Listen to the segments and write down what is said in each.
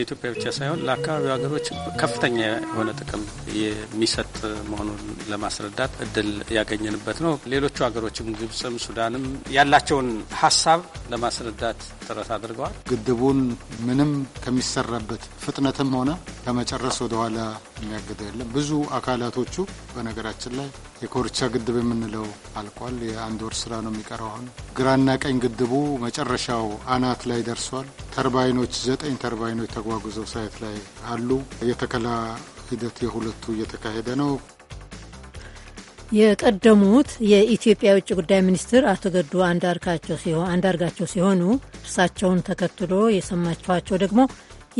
ለኢትዮጵያ ብቻ ሳይሆን ለአካባቢው ሀገሮች ከፍተኛ የሆነ ጥቅም የሚሰጥ መሆኑን ለማስረዳት እድል ያገኘንበት ነው። ሌሎቹ ሀገሮችም ግብፅም፣ ሱዳንም ያላቸውን ሀሳብ ለማስረዳት ጥረት አድርገዋል። ግድቡን ምንም ከሚሰራበት ፍጥነትም ሆነ ከመጨረስ ወደኋላ የሚያግደ የለም። ብዙ አካላቶቹ በነገራችን ላይ የኮርቻ ግድብ የምንለው አልቋል። የአንድ ወር ስራ ነው የሚቀረው። አሁን ግራና ቀኝ ግድቡ መጨረሻው አናት ላይ ደርሷል። ተርባይኖች፣ ዘጠኝ ተርባይኖች ተጓጉዘው ሳይት ላይ አሉ። የተከላ ሂደት የሁለቱ እየተካሄደ ነው። የቀደሙት የኢትዮጵያ የውጭ ጉዳይ ሚኒስትር አቶ ገዱ አንዳርጋቸው ሲሆኑ እርሳቸውን ተከትሎ የሰማችኋቸው ደግሞ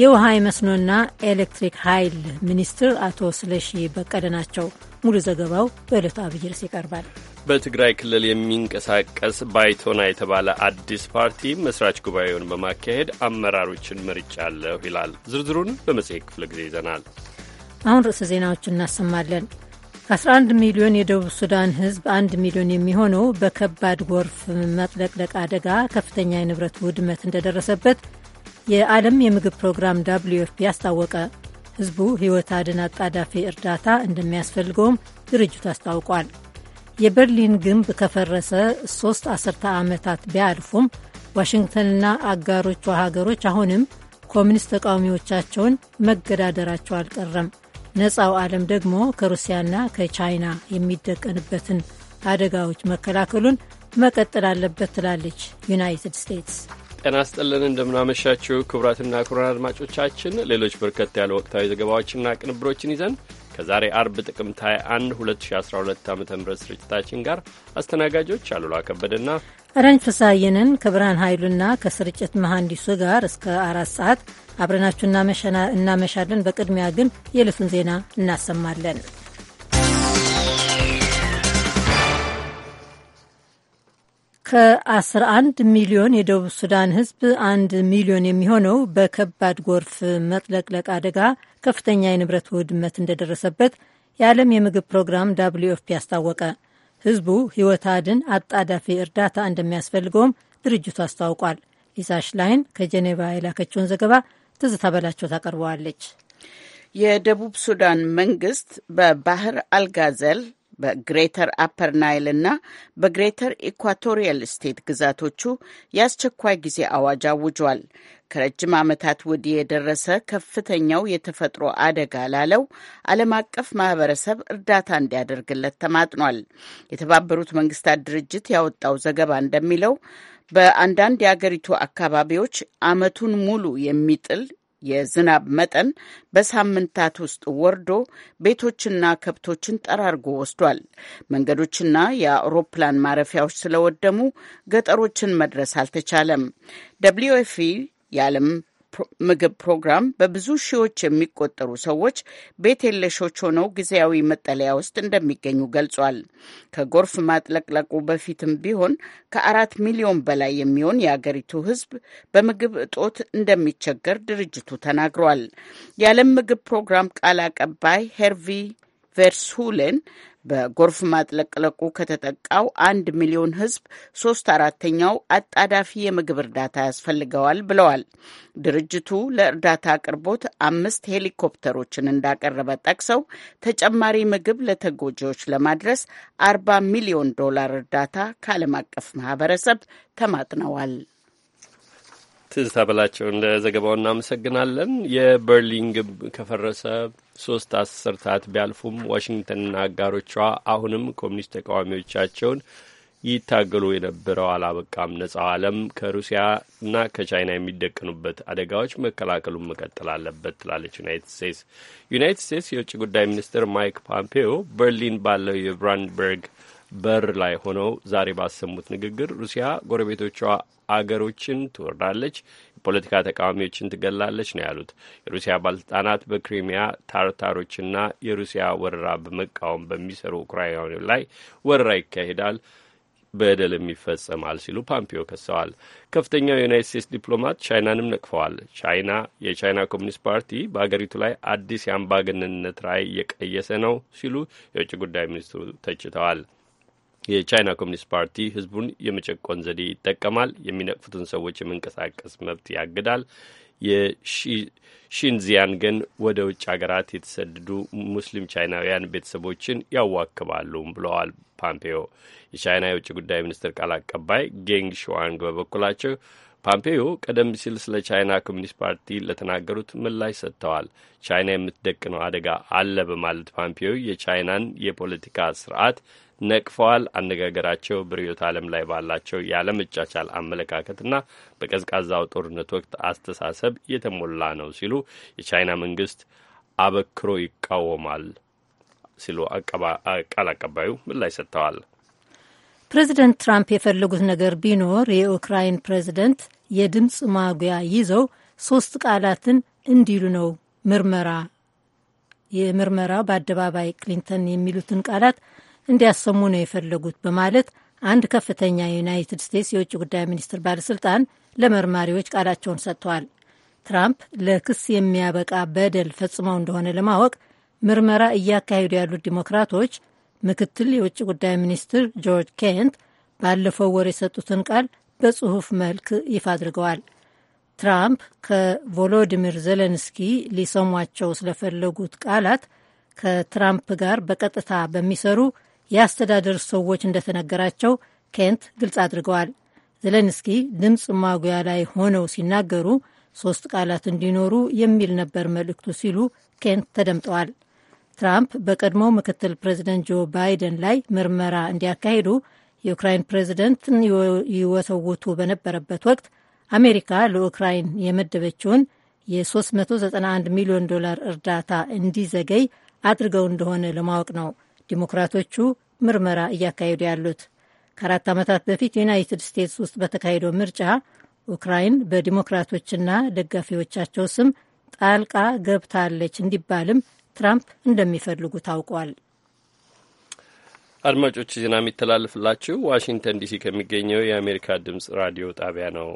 የውሃ የመስኖና ኤሌክትሪክ ኃይል ሚኒስትር አቶ ስለሺ በቀደ ናቸው። ሙሉ ዘገባው በዕለቱ አብይ ርዕስ ይቀርባል። በትግራይ ክልል የሚንቀሳቀስ ባይቶና የተባለ አዲስ ፓርቲ መስራች ጉባኤውን በማካሄድ አመራሮችን መርጫለሁ ይላል። ዝርዝሩን በመጽሔት ክፍለ ጊዜ ይዘናል። አሁን ርዕሰ ዜናዎችን እናሰማለን። ከ11 ሚሊዮን የደቡብ ሱዳን ሕዝብ 1 ሚሊዮን የሚሆነው በከባድ ጎርፍ መጥለቅለቅ አደጋ ከፍተኛ የንብረት ውድመት እንደደረሰበት የዓለም የምግብ ፕሮግራም ዳብሊዩ ኤፍፒ አስታወቀ። ህዝቡ ሕይወት አድን አጣዳፊ እርዳታ እንደሚያስፈልገውም ድርጅቱ አስታውቋል። የበርሊን ግንብ ከፈረሰ ሶስት አስርተ ዓመታት ቢያልፉም ዋሽንግተንና አጋሮቿ ሀገሮች አሁንም ኮሚኒስት ተቃዋሚዎቻቸውን መገዳደራቸው አልቀረም። ነፃው ዓለም ደግሞ ከሩሲያና ከቻይና የሚደቀንበትን አደጋዎች መከላከሉን መቀጠል አለበት ትላለች ዩናይትድ ስቴትስ። ጤና ስጠለን እንደምናመሻችው ክቡራትና ክቡራን አድማጮቻችን ሌሎች በርከት ያሉ ወቅታዊ ዘገባዎችና ቅንብሮችን ይዘን ከዛሬ አርብ ጥቅምት 21 2012 ዓ ም ስርጭታችን ጋር አስተናጋጆች አሉላ ከበደና አዳኝ ፍስሐየንን ከብርሃን ኃይሉና ከስርጭት መሐንዲሱ ጋር እስከ አራት ሰዓት አብረናችሁ እናመሻለን። በቅድሚያ ግን የዕለቱን ዜና እናሰማለን። ከ11 ሚሊዮን የደቡብ ሱዳን ህዝብ አንድ ሚሊዮን የሚሆነው በከባድ ጎርፍ መጥለቅለቅ አደጋ ከፍተኛ የንብረት ውድመት እንደደረሰበት የዓለም የምግብ ፕሮግራም ዳብሊው ኤፍፒ አስታወቀ። ህዝቡ ህይወት አድን አጣዳፊ እርዳታ እንደሚያስፈልገውም ድርጅቱ አስታውቋል። ሊዛ ሽላይን ከጄኔቫ የላከችውን ዘገባ ትዝታ በላቸው ታቀርበዋለች። የደቡብ ሱዳን መንግስት በባህር አልጋዘል በግሬተር አፐር ናይል እና በግሬተር ኢኳቶሪያል ስቴት ግዛቶቹ የአስቸኳይ ጊዜ አዋጅ አውጇል። ከረጅም ዓመታት ወዲህ የደረሰ ከፍተኛው የተፈጥሮ አደጋ ላለው ዓለም አቀፍ ማህበረሰብ እርዳታ እንዲያደርግለት ተማጥኗል። የተባበሩት መንግስታት ድርጅት ያወጣው ዘገባ እንደሚለው በአንዳንድ የአገሪቱ አካባቢዎች ዓመቱን ሙሉ የሚጥል የዝናብ መጠን በሳምንታት ውስጥ ወርዶ ቤቶችና ከብቶችን ጠራርጎ ወስዷል። መንገዶችና የአውሮፕላን ማረፊያዎች ስለወደሙ ገጠሮችን መድረስ አልተቻለም። ደብሊዩ ኤፍ ፒ የዓለም ምግብ ፕሮግራም በብዙ ሺዎች የሚቆጠሩ ሰዎች ቤት የለሾች ሆነው ጊዜያዊ መጠለያ ውስጥ እንደሚገኙ ገልጿል። ከጎርፍ ማጥለቅለቁ በፊትም ቢሆን ከአራት ሚሊዮን በላይ የሚሆን የአገሪቱ ሕዝብ በምግብ እጦት እንደሚቸገር ድርጅቱ ተናግሯል። የዓለም ምግብ ፕሮግራም ቃል አቀባይ ሄርቪ ቨርስሁሌን በጎርፍ ማጥለቅለቁ ከተጠቃው አንድ ሚሊዮን ህዝብ ሶስት አራተኛው አጣዳፊ የምግብ እርዳታ ያስፈልገዋል ብለዋል። ድርጅቱ ለእርዳታ አቅርቦት አምስት ሄሊኮፕተሮችን እንዳቀረበ ጠቅሰው ተጨማሪ ምግብ ለተጎጂዎች ለማድረስ አርባ ሚሊዮን ዶላር እርዳታ ከዓለም አቀፍ ማህበረሰብ ተማጥነዋል። ትዝታ እንደ ዘገባው እናመሰግናለን። የበርሊን ግንብ ከፈረሰ ሶስት አስርታት ቢያልፉም ዋሽንግተንና አጋሮቿ አሁንም ኮሚኒስት ተቃዋሚዎቻቸውን ይታገሉ የነበረው አላበቃም። ነጻው ዓለም ከሩሲያና ከቻይና የሚደቀኑበት አደጋዎች መከላከሉን መቀጠል አለበት ትላለች ዩናይትድ ስቴትስ። ዩናይትድ ስቴትስ የውጭ ጉዳይ ሚኒስትር ማይክ ፖምፔዮ በርሊን ባለው የብራንድበርግ በር ላይ ሆነው ዛሬ ባሰሙት ንግግር ሩሲያ ጎረቤቶቿ አገሮችን ትወርዳለች፣ የፖለቲካ ተቃዋሚዎችን ትገላለች ነው ያሉት። የሩሲያ ባለስልጣናት በክሪሚያ ታርታሮችና የሩሲያ ወረራ በመቃወም በሚሰሩ ኡክራይናውያን ላይ ወረራ ይካሄዳል በደልም ይፈጸማል ሲሉ ፓምፒዮ ከሰዋል። ከፍተኛው የዩናይት ስቴትስ ዲፕሎማት ቻይናንም ነቅፈዋል። ቻይና የቻይና ኮሚኒስት ፓርቲ በአገሪቱ ላይ አዲስ የአምባገነንነት ራዕይ እየቀየሰ ነው ሲሉ የውጭ ጉዳይ ሚኒስትሩ ተችተዋል። የቻይና ኮሚኒስት ፓርቲ ህዝቡን የመጨቆን ዘዴ ይጠቀማል፣ የሚነቅፉትን ሰዎች የመንቀሳቀስ መብት ያግዳል፣ ግን ወደ ውጭ ሀገራት የተሰደዱ ሙስሊም ቻይናውያን ቤተሰቦችን ያዋክባሉም ብለዋል ፓምፔዮ። የቻይና የውጭ ጉዳይ ሚኒስትር ቃል አቀባይ ጌንግ ሽዋንግ በበኩላቸው ፓምፔዮ ቀደም ሲል ስለ ቻይና ኮሚኒስት ፓርቲ ለተናገሩት ምላሽ ሰጥተዋል። ቻይና የምትደቅነው አደጋ አለ በማለት ፓምፔዮ የቻይናን የፖለቲካ ስርዓት ነቅፈዋል። አነጋገራቸው በርዕዮተ ዓለም ላይ ባላቸው ያለመቻቻል አመለካከትና በቀዝቃዛው ጦርነት ወቅት አስተሳሰብ የተሞላ ነው ሲሉ የቻይና መንግስት አበክሮ ይቃወማል ሲሉ ቃል አቀባዩ ምላሽ ሰጥተዋል። ፕሬዚደንት ትራምፕ የፈለጉት ነገር ቢኖር የዩክራይን ፕሬዚደንት የድምፅ ማጉያ ይዘው ሶስት ቃላትን እንዲሉ ነው። ምርመራ የምርመራው በአደባባይ ክሊንተን የሚሉትን ቃላት እንዲያሰሙ ነው የፈለጉት በማለት አንድ ከፍተኛ የዩናይትድ ስቴትስ የውጭ ጉዳይ ሚኒስትር ባለስልጣን ለመርማሪዎች ቃላቸውን ሰጥተዋል። ትራምፕ ለክስ የሚያበቃ በደል ፈጽመው እንደሆነ ለማወቅ ምርመራ እያካሄዱ ያሉት ዲሞክራቶች ምክትል የውጭ ጉዳይ ሚኒስትር ጆርጅ ኬንት ባለፈው ወር የሰጡትን ቃል በጽሑፍ መልክ ይፋ አድርገዋል። ትራምፕ ከቮሎዲሚር ዘለንስኪ ሊሰሟቸው ስለፈለጉት ቃላት ከትራምፕ ጋር በቀጥታ በሚሰሩ የአስተዳደር ሰዎች እንደተነገራቸው ኬንት ግልጽ አድርገዋል። ዘለንስኪ ድምፅ ማጉያ ላይ ሆነው ሲናገሩ ሶስት ቃላት እንዲኖሩ የሚል ነበር መልእክቱ ሲሉ ኬንት ተደምጠዋል። ትራምፕ በቀድሞ ምክትል ፕሬዚደንት ጆ ባይደን ላይ ምርመራ እንዲያካሂዱ የዩክራይን ፕሬዚደንትን ይወተውቱ በነበረበት ወቅት አሜሪካ ለኡክራይን የመደበችውን የ391 ሚሊዮን ዶላር እርዳታ እንዲዘገይ አድርገው እንደሆነ ለማወቅ ነው ዲሞክራቶቹ ምርመራ እያካሄዱ ያሉት። ከአራት ዓመታት በፊት ዩናይትድ ስቴትስ ውስጥ በተካሄደው ምርጫ ኡክራይን በዲሞክራቶችና ደጋፊዎቻቸው ስም ጣልቃ ገብታለች እንዲባልም ትራምፕ እንደሚፈልጉ ታውቋል። አድማጮች ዜና የሚተላለፍላችሁ ዋሽንግተን ዲሲ ከሚገኘው የአሜሪካ ድምጽ ራዲዮ ጣቢያ ነው።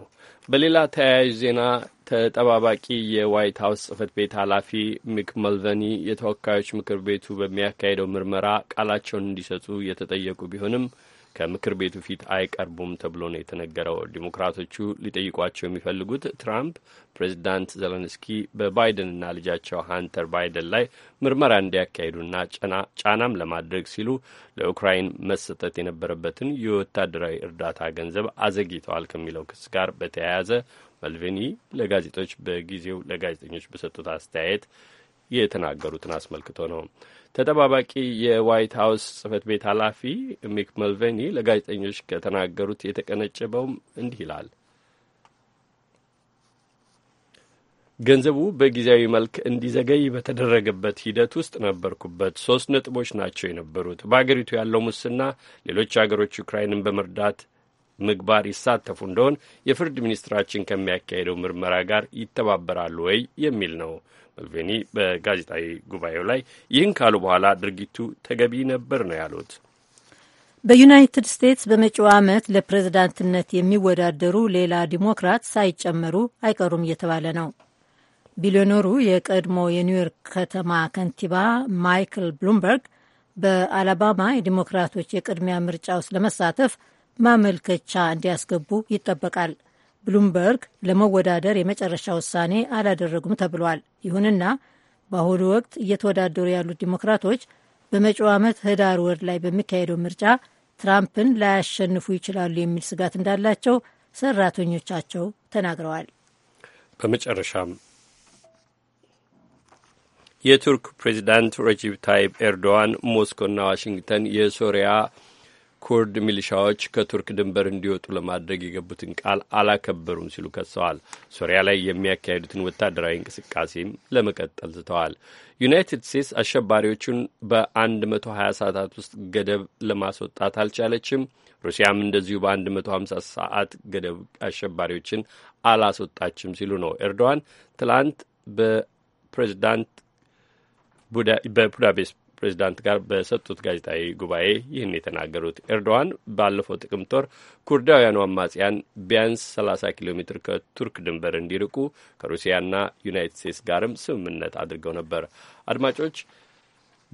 በሌላ ተያያዥ ዜና ተጠባባቂ የዋይት ሀውስ ጽህፈት ቤት ኃላፊ ሚክ መልቨኒ የተወካዮች ምክር ቤቱ በሚያካሄደው ምርመራ ቃላቸውን እንዲሰጡ የተጠየቁ ቢሆንም ከምክር ቤቱ ፊት አይቀርቡም ተብሎ ነው የተነገረው። ዲሞክራቶቹ ሊጠይቋቸው የሚፈልጉት ትራምፕ ፕሬዚዳንት ዘለንስኪ በባይደንና ልጃቸው ሀንተር ባይደን ላይ ምርመራ እንዲያካሂዱና ጫናም ለማድረግ ሲሉ ለዩክራይን መሰጠት የነበረበትን የወታደራዊ እርዳታ ገንዘብ አዘግይተዋል ከሚለው ክስ ጋር በተያያዘ መልቬኒ ለጋዜጦች በጊዜው ለጋዜጠኞች በሰጡት አስተያየት የተናገሩትን አስመልክቶ ነው። ተጠባባቂ የዋይት ሀውስ ጽህፈት ቤት ኃላፊ ሚክ መልቬኒ ለጋዜጠኞች ከተናገሩት የተቀነጨበውም እንዲህ ይላል። ገንዘቡ በጊዜያዊ መልክ እንዲዘገይ በተደረገበት ሂደት ውስጥ ነበርኩበት። ሶስት ነጥቦች ናቸው የነበሩት። በአገሪቱ ያለው ሙስና፣ ሌሎች አገሮች ዩክራይንን በመርዳት ምግባር ይሳተፉ እንደሆን የፍርድ ሚኒስትራችን ከሚያካሄደው ምርመራ ጋር ይተባበራሉ ወይ የሚል ነው። መልቬኒ በጋዜጣዊ ጉባኤው ላይ ይህን ካሉ በኋላ ድርጊቱ ተገቢ ነበር ነው ያሉት። በዩናይትድ ስቴትስ በመጪው ዓመት ለፕሬዝዳንትነት የሚወዳደሩ ሌላ ዲሞክራት ሳይጨመሩ አይቀሩም እየተባለ ነው። ቢሊዮነሩ የቀድሞ የኒውዮርክ ከተማ ከንቲባ ማይክል ብሉምበርግ በአላባማ የዲሞክራቶች የቅድሚያ ምርጫ ውስጥ ለመሳተፍ ማመልከቻ እንዲያስገቡ ይጠበቃል። ብሉምበርግ ለመወዳደር የመጨረሻ ውሳኔ አላደረጉም ተብሏል። ይሁንና በአሁኑ ወቅት እየተወዳደሩ ያሉት ዲሞክራቶች በመጪው ዓመት ህዳር ወር ላይ በሚካሄደው ምርጫ ትራምፕን ላያሸንፉ ይችላሉ የሚል ስጋት እንዳላቸው ሰራተኞቻቸው ተናግረዋል። በመጨረሻም የቱርክ ፕሬዚዳንት ረጂብ ታይብ ኤርዶዋን ሞስኮና ዋሽንግተን የሶሪያ ኩርድ ሚሊሻዎች ከቱርክ ድንበር እንዲወጡ ለማድረግ የገቡትን ቃል አላከበሩም ሲሉ ከሰዋል። ሶሪያ ላይ የሚያካሄዱትን ወታደራዊ እንቅስቃሴም ለመቀጠል ዝተዋል። ዩናይትድ ስቴትስ አሸባሪዎቹን በ120 ሰዓታት ውስጥ ገደብ ለማስወጣት አልቻለችም። ሩሲያም እንደዚሁ በ150 ሰዓት ገደብ አሸባሪዎችን አላስወጣችም ሲሉ ነው ኤርዶዋን ትላንት በፕሬዚዳንት በቡዳፔስት ፕሬዚዳንት ጋር በሰጡት ጋዜጣዊ ጉባኤ ይህን የተናገሩት ኤርዶዋን ባለፈው ጥቅምት ወር ኩርዳውያኑ አማጽያን ቢያንስ 30 ኪሎ ሜትር ከቱርክ ድንበር እንዲርቁ ከሩሲያና ዩናይትድ ስቴትስ ጋርም ስምምነት አድርገው ነበር። አድማጮች፣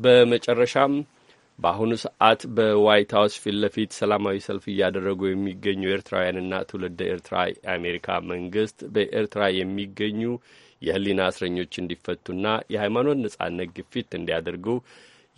በመጨረሻም በአሁኑ ሰዓት በዋይት ሀውስ ፊት ለፊት ሰላማዊ ሰልፍ እያደረጉ የሚገኙ ኤርትራውያንና ትውልደ ኤርትራ የአሜሪካ መንግስት በኤርትራ የሚገኙ የህሊና እስረኞች እንዲፈቱና የሃይማኖት ነጻነት ግፊት እንዲያደርጉ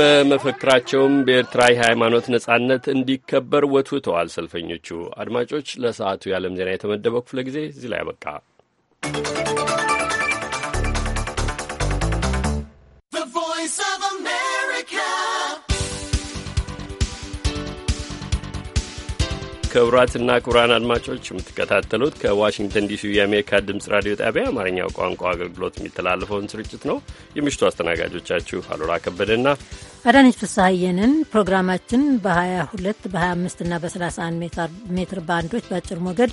በመፈክራቸውም በኤርትራ የሃይማኖት ነጻነት እንዲከበር ወትውተዋል ሰልፈኞቹ። አድማጮች፣ ለሰዓቱ የዓለም ዜና የተመደበው ክፍለ ጊዜ እዚህ ላይ አበቃ። ክቡራትና ክቡራን አድማጮች የምትከታተሉት ከዋሽንግተን ዲሲ የአሜሪካ ድምፅ ራዲዮ ጣቢያ አማርኛው ቋንቋ አገልግሎት የሚተላለፈውን ስርጭት ነው። የምሽቱ አስተናጋጆቻችሁ አሉላ ከበደና አዳነች ፍስሐየንን። ፕሮግራማችን በ22 በ25 እና በ31 ሜትር ባንዶች በአጭር ሞገድ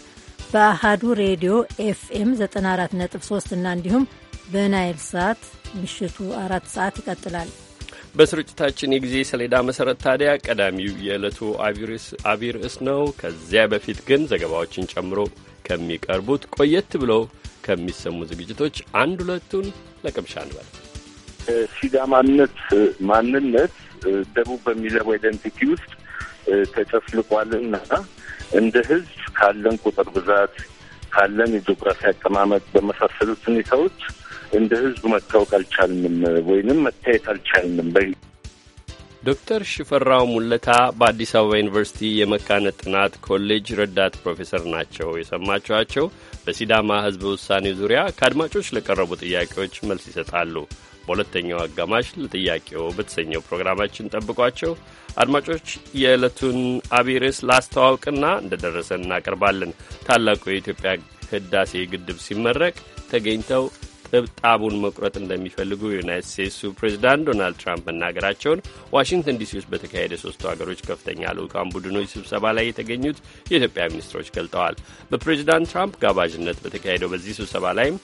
በአሃዱ ሬዲዮ ኤፍኤም 94.3 እና እንዲሁም በናይል ሳት ምሽቱ አራት ሰዓት ይቀጥላል። በስርጭታችን የጊዜ ሰሌዳ መሰረት ታዲያ ቀዳሚው የዕለቱ አቢይ ርዕስ ነው። ከዚያ በፊት ግን ዘገባዎችን ጨምሮ ከሚቀርቡት ቆየት ብለው ከሚሰሙ ዝግጅቶች አንድ ሁለቱን ለቅምሻ እንበል። ሲዳማነት ማንነት ደቡብ በሚለው አይደንቲቲ ውስጥ ተጨፍልቋልና እንደ ህዝብ ካለን ቁጥር ብዛት ካለን የጂኦግራፊ አቀማመጥ በመሳሰሉት ሁኔታዎች እንደ ህዝብ መታወቅ አልቻልንም ወይንም መታየት አልቻልንም በ ዶክተር ሽፈራው ሙለታ በአዲስ አበባ ዩኒቨርሲቲ የመካነ ጥናት ኮሌጅ ረዳት ፕሮፌሰር ናቸው። የሰማችኋቸው በሲዳማ ህዝብ ውሳኔ ዙሪያ ከአድማጮች ለቀረቡ ጥያቄዎች መልስ ይሰጣሉ። በሁለተኛው አጋማሽ ለጥያቄው በተሰኘው ፕሮግራማችን ጠብቋቸው። አድማጮች የዕለቱን አብይ ርዕስ ላስተዋውቅና ደረሰን እናቀርባለን። ታላቁ የኢትዮጵያ ህዳሴ ግድብ ሲመረቅ ተገኝተው ጥብጣቡን መቁረጥ እንደሚፈልጉ የዩናይትድ ስቴትሱ ፕሬዚዳንት ዶናልድ ትራምፕ መናገራቸውን ዋሽንግተን ዲሲ ውስጥ በተካሄደ ሶስቱ ሀገሮች ከፍተኛ ልዑካን ቡድኖች ስብሰባ ላይ የተገኙት የኢትዮጵያ ሚኒስትሮች ገልጠዋል። በፕሬዚዳንት ትራምፕ ጋባዥነት በተካሄደው በዚህ ስብሰባ ላይም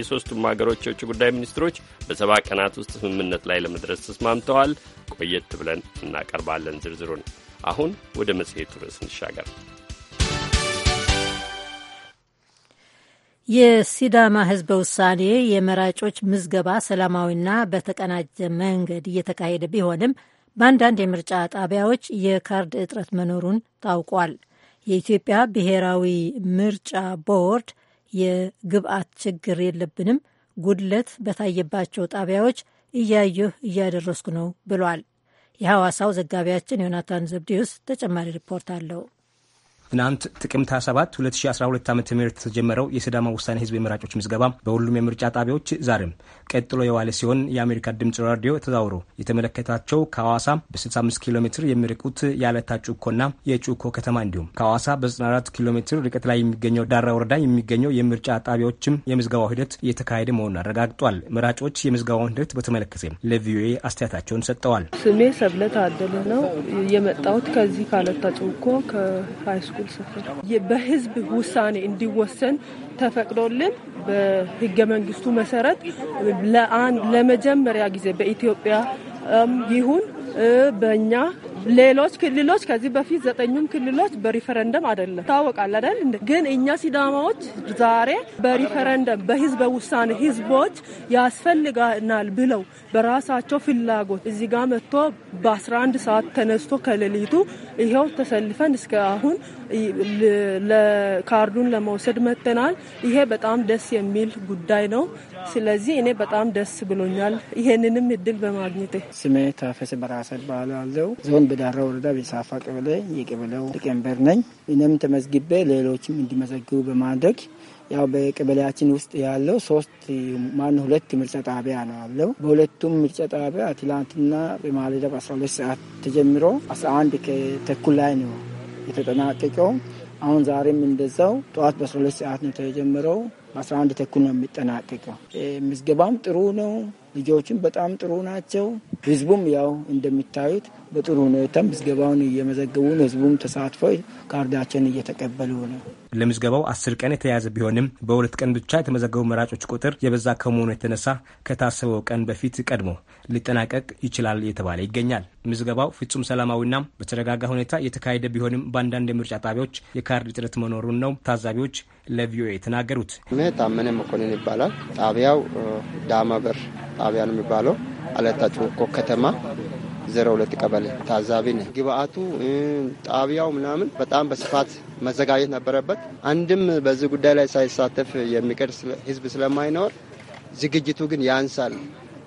የሶስቱም ሀገሮች የውጭ ጉዳይ ሚኒስትሮች በሰባ ቀናት ውስጥ ስምምነት ላይ ለመድረስ ተስማምተዋል። ቆየት ብለን እናቀርባለን ዝርዝሩን። አሁን ወደ መጽሔቱ ርዕስ እንሻገር። የሲዳማ ህዝበ ውሳኔ የመራጮች ምዝገባ ሰላማዊና በተቀናጀ መንገድ እየተካሄደ ቢሆንም በአንዳንድ የምርጫ ጣቢያዎች የካርድ እጥረት መኖሩን ታውቋል። የኢትዮጵያ ብሔራዊ ምርጫ ቦርድ የግብአት ችግር የለብንም፣ ጉድለት በታየባቸው ጣቢያዎች እያየሁ እያደረስኩ ነው ብሏል። የሐዋሳው ዘጋቢያችን ዮናታን ዘብዲዩስ ተጨማሪ ሪፖርት አለው። ትናንት ጥቅምት 27 2012 ዓ ም የተጀመረው የሲዳማ ውሳኔ ህዝብ የመራጮች ምዝገባ በሁሉም የምርጫ ጣቢያዎች ዛሬም ቀጥሎ የዋለ ሲሆን የአሜሪካ ድምፅ ራዲዮ ተዛውሮ የተመለከታቸው ከሐዋሳ በ65 ኪሎ ሜትር የሚርቁት የአለታ ጩኮና የጩኮ ከተማ እንዲሁም ከሐዋሳ በ94 ኪሎ ሜትር ርቀት ላይ የሚገኘው ዳራ ወረዳ የሚገኘው የምርጫ ጣቢያዎችም የምዝገባው ሂደት እየተካሄደ መሆኑን አረጋግጧል። መራጮች የምዝገባውን ሂደት በተመለከተ ለቪኦኤ አስተያየታቸውን ሰጥተዋል። ስሜ ሰብለ ታደል ነው። የመጣሁት ከዚህ ከአለታ ጩኮ ከሃይስኩል ስኩል ሰፈር በህዝብ ውሳኔ እንዲወሰን ተፈቅዶልን በህገ መንግስቱ መሰረት ለመጀመሪያ ጊዜ በኢትዮጵያ ይሁን በእኛ ሌሎች ክልሎች ከዚህ በፊት ዘጠኙም ክልሎች በሪፈረንደም አይደለም ይታወቃል አይደል? ግን እኛ ሲዳማዎች ዛሬ በሪፈረንደም በህዝበ ውሳኔ ህዝቦች ያስፈልጋናል ብለው በራሳቸው ፍላጎት እዚህ ጋር መጥቶ በ11 ሰዓት ተነስቶ ከሌሊቱ ይኸው ተሰልፈን እስከ አሁን ካርዱን ለመውሰድ መጥተናል። ይሄ በጣም ደስ የሚል ጉዳይ ነው። ስለዚህ እኔ በጣም ደስ ብሎኛል ይሄንንም እድል በማግኘት። ስሜ ታፈስ በራሰ ባላለው ዞን ብዳራ ወረዳ ቤሳፋ ቀበሌ የቀበሌው ሊቀመንበር ነኝ። እኔም ተመዝግቤ ሌሎችም እንዲመዘግቡ በማድረግ ያው በቀበሌያችን ውስጥ ያለው ሶስት ማን ሁለት ምርጫ ጣቢያ ነው አለው። በሁለቱም ምርጫ ጣቢያ ትላንትና በማለዳ በ12 ሰዓት ተጀምሮ 11 ተኩል ላይ ነው የተጠናቀቀው። አሁን ዛሬም እንደዛው ጠዋት በ12 ሰዓት ነው የተጀመረው። አስራ አንድ ተኩል ነው የሚጠናቀቀው። ምዝገባም ጥሩ ነው። ልጆችም በጣም ጥሩ ናቸው። ህዝቡም ያው እንደሚታዩት በጥሩ ሁኔታ ምዝገባውን ነው። ህዝቡም ተሳትፎ ካርዳችን እየተቀበሉ ነው። ለምዝገባው አስር ቀን የተያዘ ቢሆንም በሁለት ቀን ብቻ የተመዘገቡ መራጮች ቁጥር የበዛ ከመሆኑ የተነሳ ከታሰበው ቀን በፊት ቀድሞ ሊጠናቀቅ ይችላል የተባለ ይገኛል። ምዝገባው ፍጹም ሰላማዊና በተረጋጋ ሁኔታ የተካሄደ ቢሆንም በአንዳንድ የምርጫ ጣቢያዎች የካርድ እጥረት መኖሩን ነው ታዛቢዎች ለቪኦኤ የተናገሩት። ታመነ መኮንን ይባላል። ጣቢያው ዳማበር በር ጣቢያ ነው የሚባለው አለታ ጩኮ ከተማ ዜሮ ሁለት ቀበሌ ታዛቢ ነ ግብአቱ ጣቢያው ምናምን በጣም በስፋት መዘጋጀት ነበረበት። አንድም በዚህ ጉዳይ ላይ ሳይሳተፍ የሚቀር ህዝብ ስለማይኖር ዝግጅቱ ግን ያንሳል።